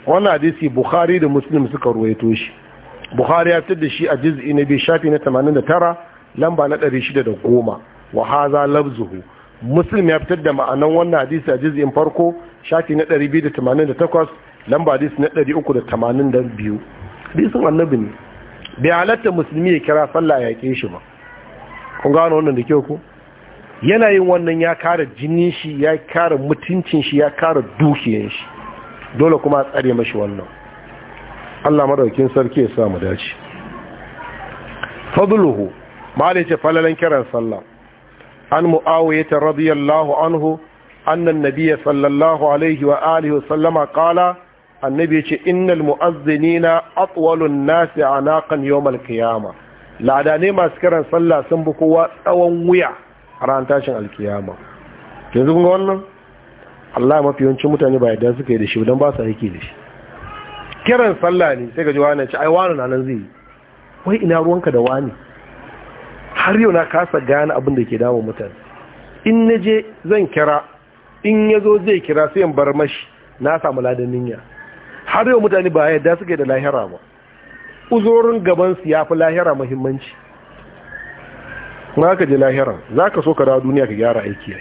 wannan hadisi bukhari da muslim suka ruwaito shi bukhari ya fitar da shi a jiz'i na biyu shafi na 89 lamba na 610 wa haza labzuhu muslim ya fitar da ma'anan wannan hadisi a jiz'in farko shafi na 288 lamba hadisi na 382 hadisin annabi ne bai halatta musulmi ya kira sallah ya ke shi ba kun gano wannan da kyau ku yana yin wannan ya kara jinin shi ya kara mutuncin shi ya kara dukiyan shi dole kuma a tsare mashi wannan Allah madaukin sarki ya sa mu dace fadluhu malai ce falalan kiran sallah an mu'awiyata radiyallahu anhu annan nabiyya sallallahu alaihi wa alihi sallama qala annabi ce innal mu'azzinina atwalun nasi anaqan yawmal qiyamah ne masu kiran sallah sun bi kowa tsawon wuya a ran tashin alkiyama yanzu kun ga wannan Allah mafi yawancin mutane ba yadda suka yi da shi don ba su aiki da shi kiran sallah ne sai ga ji wani ci ai wani na nan zai yi wai ina ruwanka da wani har yau na kasa gane abin da ke damun mutane in na je zan kira in ya zo zai kira sai in bar mashi na samu ladan ninya har yau mutane ba yadda yi da lahira ba uzurorin gabansu ya fi lahira muhimmanci ma je ji lahira za ka so ka dawo duniya ka gyara aiki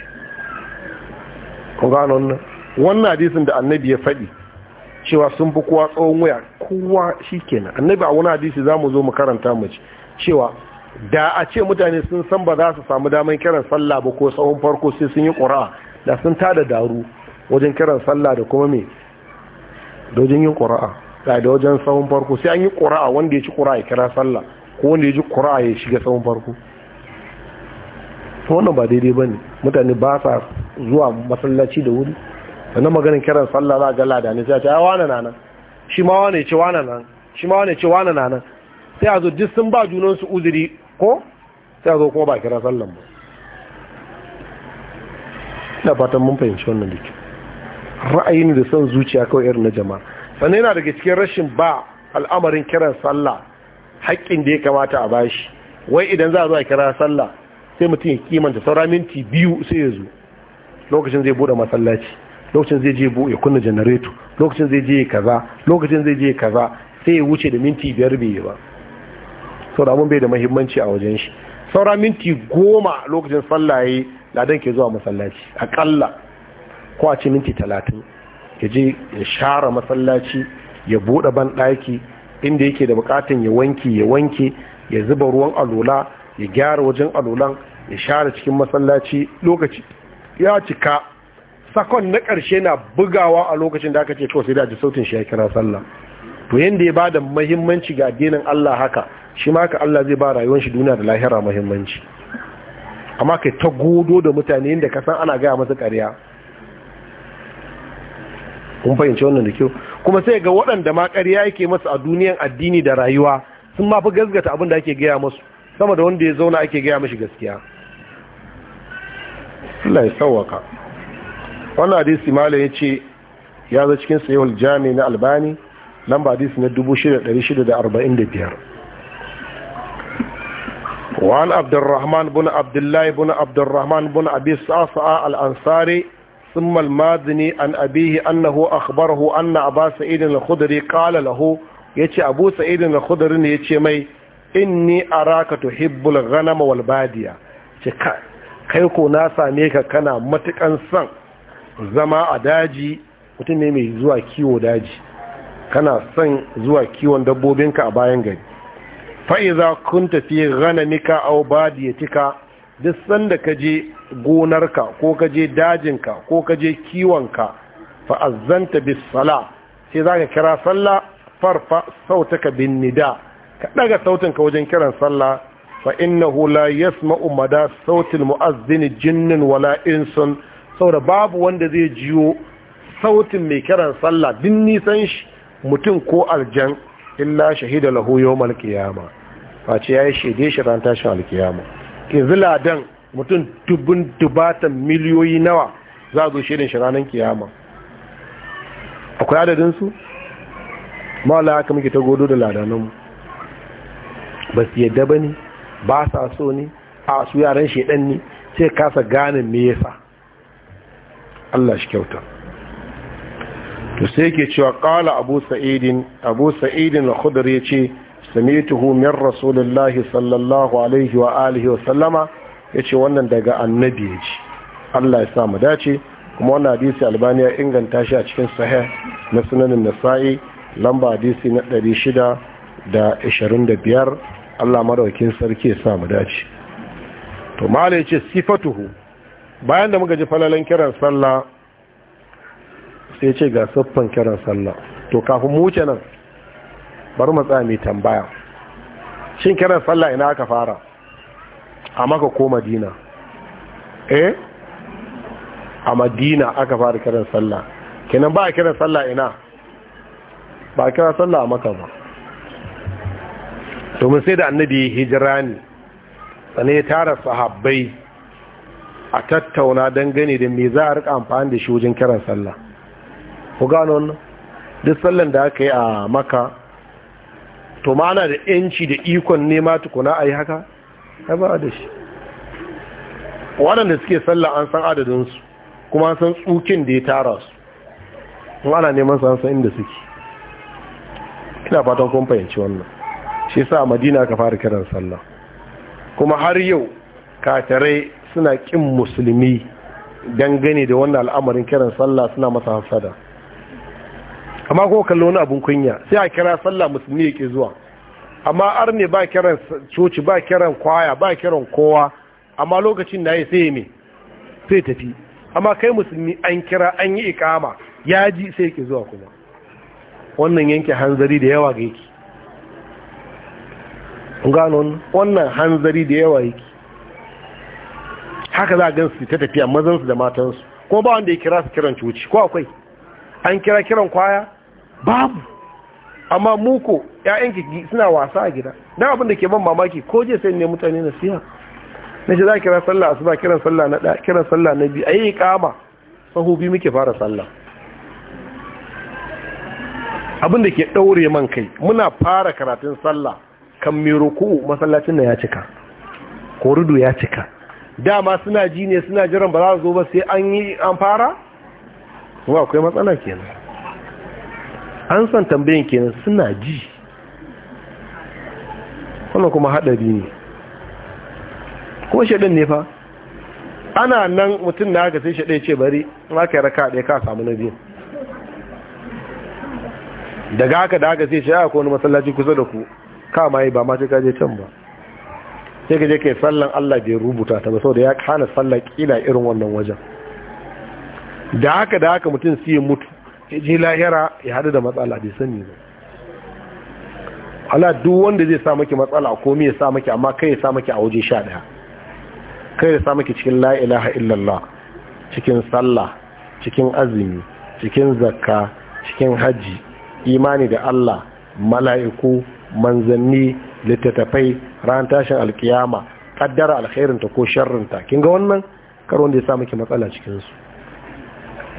ku gano wannan wannan hadisin da annabi ya faɗi cewa sun fi kowa tsawon waya kowa shi kenan annabi a wani hadisi za mu zo mu karanta mu cewa da a ce mutane sun san ba za su samu damar kiran sallah ba ko tsawon farko sai sun yi ƙura'a da sun tada daru wajen kiran sallah da kuma mai dojin yin ƙura'a ga da wajen sahun farko sai an yi ƙura'a wanda ya ci ƙura'a ya kira sallah ko wanda ya ji ƙura'a ya shiga sahun farko wannan ba daidai ba ne mutane ba sa zuwa masallaci da wuri sannan maganin kiran sallah za a ga ladani sai a ce ai wane na nan shi ma wane ce wane nan shi ma wane ce wane na nan sai a zo duk sun ba junansu uzuri ko sai a zo kuma ba kira sallan ba ina fatan mun fahimci wannan dake ne da son zuciya kawai irin na jama'a sannan yana daga cikin rashin ba al'amarin kiran sallah haƙƙin da ya kamata a bashi wai idan za a zo kira sallah sai mutum ya kimanta saura minti biyu sai ya zo lokacin zai bude masallaci lokacin zai je ya kunna janareto lokacin zai je kaza lokacin zai je kaza sai ya wuce da minti biyar bai ba saura abun bai da mahimmanci a wajen shi saura minti goma lokacin sallah ya yi ladan ke zuwa masallaci aƙalla ko a ce minti talatin ya je ya share masallaci ya bude banɗaki inda yake da bukatan ya wanke ya wanke ya zuba ruwan alola ya gyara wajen alolan ya share cikin masallaci lokaci ya cika sakon na ƙarshe na bugawa a lokacin da aka ce kawai sai da ji sautin shi ya kira sallah to yanda ya ba da muhimmanci ga addinin Allah haka shi ma ka Allah zai ba rayuwar shi duniya da lahira muhimmanci amma kai ta godo da mutane inda ka san ana gaya masa ƙarya kun fahimci wannan da kyau kuma sai ga waɗanda ma ƙarya yake masu a duniyan addini da rayuwa sun mafi gasgata abin da ake gaya masu sama da wanda ya zauna ake gaya mashi gaskiya Allah ya sauwaka wannan hadisi malam ya ce ya zo cikin sayuwar jami na albani lamba hadisi na 6645 وعن عبد الرحمن بن عبد Abdullahi بن عبد الرحمن بن ثم المازني عن أبيه أنه أخبره أن أبا سعيد الخدري ne له يتي أبو سعيد الخدري يتي مي إني أراك تحب الغنم والبادية kai ko na same ka kana matukan son zama a daji mutum mai zuwa kiwo daji kana son zuwa kiwon dabbobinka a bayan gari fa'iza kun tafi ghanamika aw badiyatika duk sanda ka je gonarka ko ka je dajinka ko ka je kiwonka fa azzanta bis sala sai zaka kira sallah farfa sautaka bin nida ka daga sautinka wajen kiran sallah fa innahu la yasma'u umada sautil mu'azzin jinnun wala insun saboda babu wanda zai jiyo sautin mai kiran sallah din nisan shi mutum ko aljan illa shahida lahu yawmal qiyama face yayi shede shi ran tashin alkiyama ke dan mutum dubun dubata miliyoyi nawa za a zo shirin shi ranar kiyama akwai adadinsu ya haka muke ta godo da ladananmu ba su yadda ba ne ba sa so ne a su yaran shaidan ne sai kasa gane me yasa Allah shi kyauta to sai yake cewa ƙala abu sa'idin abu sa'idin al-khudri yace samituhu min rasulullahi sallallahu alaihi wa alihi wa sallama ya ce wannan daga annabi ya ce allah ya sa mu dace kuma wannan hadisi albani ya inganta shi a cikin sahih na sunanin nasa'i lamba hadisi na 625 allah madaukin sarki ya sa mu dace to mala ya ce sifatuhu bayan da muka ji falalan kiran sallah sai ce ga siffan kiran sallah to kafin mu wuce nan bar mu tsaya mai tambaya shin kiran sallah ina aka fara a maka ko madina eh a madina aka fara kiran sallah kenan ba a kiran sallah ina ba a kiran sallah a maka ba domin sai da annabi hijira ne ya tara sahabbai a tattauna dangane da me za a rika amfani da shi wajen kiran sallah ku gano wannan duk sallan da aka yi a maka to ma'ana da yanci da ikon nema tukuna a yi haka ya ba da shi waɗanda suke sallah an san adadinsu kuma an san tsukin da ya tara su in ana neman su an san inda suke ina fatan kun fahimci wannan shi sa madina ka fara kiran sallah kuma har yau katarai suna kin musulmi dangane da wannan al'amarin kiran sallah suna masa hasada amma ko kallo wani abun kunya sai a kira sallah musulmi yake zuwa amma arne ba kiran coci ba kiran kwaya ba kiran kowa amma lokacin na ya sai me sai tafi amma kai musulmi an kira an yi ikama ya ji sai ki zuwa kuma wannan yanke hanzari da yawa ga yake ganon wannan hanzari da yawa yake haka za a gan su ta tafiya mazansu da matansu ko ba wanda ya kira su kiran coci ko akwai an kira kiran kwaya babu amma muku ƴaƴanki suna wasa a gida dan abin da ke ban mamaki ko je sai ne mutane na siya na ce za kira sallah asuba kiran sallah na ɗaya kiran sallah na biyu ayi kama sahu muke fara sallah abin da ke ɗaure man kai muna fara karatun sallah kan mai ruku masallacin da ya cika korudu ya cika dama suna ji ne suna jiran ba za su zo ba sai an yi an fara wa akwai matsala kenan an san tambayin kenan suna ji wannan kuma haɗari ne kuma shaɗin ne fa ana nan mutum na haka sai shaɗe ce bari ma ka raka ɗaya ka samu na biyu daga haka da haka sai shi ah, ko wani masallaci kusa da ku ka ma yi ba ma ce ka je can ba sai ka je ka yi sallan Allah bai rubuta ta ba sau da ya hana sallan kila irin wannan wajen da haka da haka mutum su yi mutu ya je lahira ya hadu da matsala bai sani ba ala duk wanda zai sa maki matsala ko me ya sa maki amma kai ya sa maki a waje sha kai ya sa maki cikin la ilaha illallah cikin sallah cikin azumi cikin zakka cikin hajji imani da Allah mala'iku manzanni littattafai ran tashin alkiyama kaddara ta ko sharrinta kin ga wannan karon wanda ya sa maki matsala cikin su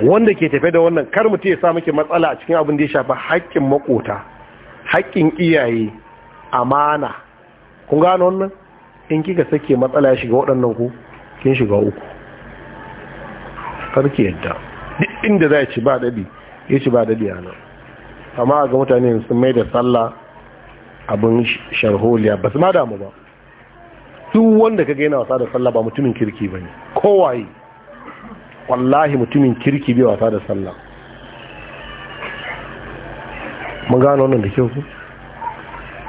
wanda ke tafe da wannan kar mutum ya sa ke matsala a cikin abin da ya shafa haƙƙin makota haƙƙin iyaye amana kun gano wannan in kika sake matsala ya shiga waɗannan ku kin shiga uku karki yadda duk inda za ci ba daɗi ya ci ba daɗi a nan amma ga mutane sun mai da sallah abin sharholiya ba su ma damu ba duk wanda ka gaina wasa da sallah ba mutumin kirki ba ne kowaye wallahi mutumin kirki bai wasa da sallah mun gano wannan da kyau ku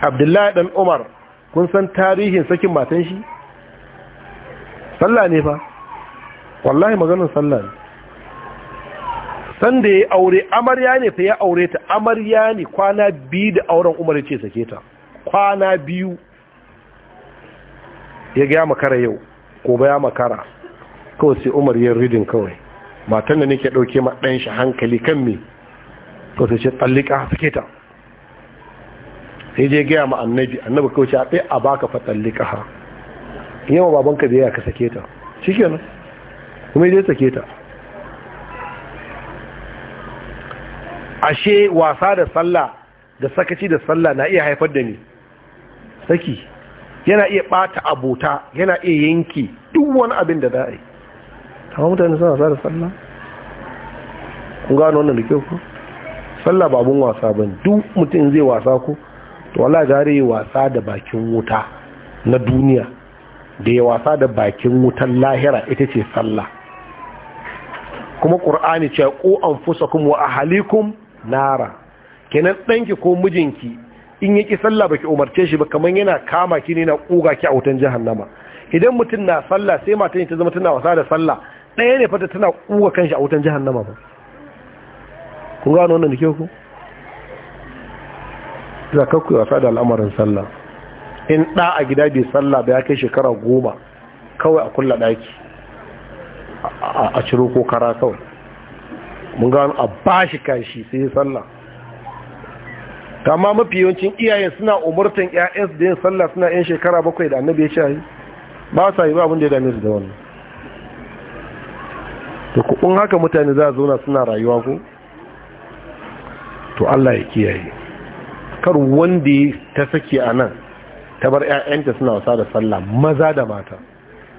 abdullahi dan umar kun san tarihin sakin matan shi sallah ne fa wallahi maganar sallah ne sanda ya aure amarya ne fa ya aure ta amarya ne kwana biyu da auren umar ce sake ta kwana biyu ya gaya makara yau ko ya makara kawai sai umar yin ridin kawai matan da nake ɗauke ma ɗan shi hankali kan me to sai ce tsallika suke ta sai je gaya ma annabi annabi kawai ce a ɗaya a baka fa tsallika ha yawa babanka da ya ka sake ta shi nan kuma je sake ta ashe wasa da sallah da sakaci da sallah na iya haifar da ni saki yana iya ɓata abota yana iya yanki duk wani abin da za a yi amma mutane suna wasa da sallah kun gano wannan da kyau ku sallah ba abun wasa ba duk mutum zai wasa ku to wala gare yi wasa da bakin wuta na duniya da ya wasa da bakin wutan lahira ita ce sallah kuma ƙur'ani ce ku anfusakum wa ahalikum nara kenan ɗanki ko mijinki in yaki sallah baki umarce shi ba kamar yana kama ki ne na ƙuga ki a wutan jahannama idan mutum na sallah sai matan ta zama tana wasa da sallah ɗaya ne fata tana kuwa kanshi a wutan Nama ba kun gano wannan da ke ku za ka kuwa wasa da al'amarin sallah in ɗa a gida bai sallah ba ya kai shekara goma kawai a kulla ɗaki a ciro ko kara kawai mun gano a bashi kashi sai yi sallah kama mafi yawancin iyayen suna umurtan 'ya'yansu da yin sallah suna 'yan shekara bakwai da annabi ya ce ba sa yi ba abin da ya dame su da wannan to kun haka mutane za a zauna suna rayuwa ku to Allah ya kiyaye kar wanda ta saki a nan ta bar 'ya'yanta suna wasa da sallah maza da mata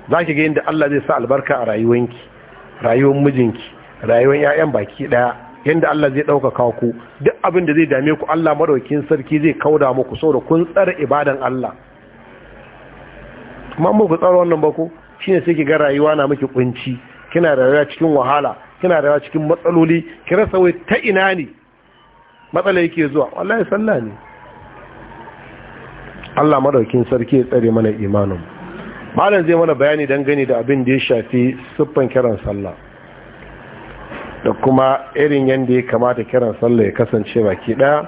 za ki ga yadda Allah zai sa albarka a rayuwanki rayuwar mijinki rayuwar 'ya'yan baki ɗaya yadda Allah zai ɗaukaka ku duk abin da zai dame ku Allah maɗaukin sarki zai kauda muku saboda kun tsara ibadan Allah kuma mu ku tsara wannan ba ku shine sai ki ga rayuwa na miki kunci kina rayuwa cikin wahala kina rayuwa cikin matsaloli ki rasa wai ta ina ne matsala yake zuwa wallahi sallah ne Allah madaukin sarki ya tsare mana imanin malam zai mana bayani dangane da abin da ya shafi siffan kiran sallah da kuma irin yadda ya kamata kiran sallah ya kasance baki daya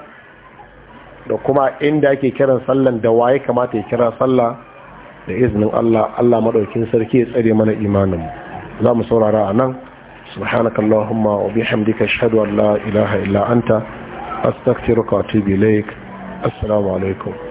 da kuma inda ake kiran sallan da waye kamata ya kira sallah da izinin Allah Allah madaukin sarki ya tsare mana imanin mu زام صورة رأنا سبحانك اللهم وبحمدك أشهد أن لا إله إلا أنت أستغفرك وأتوب إليك السلام عليكم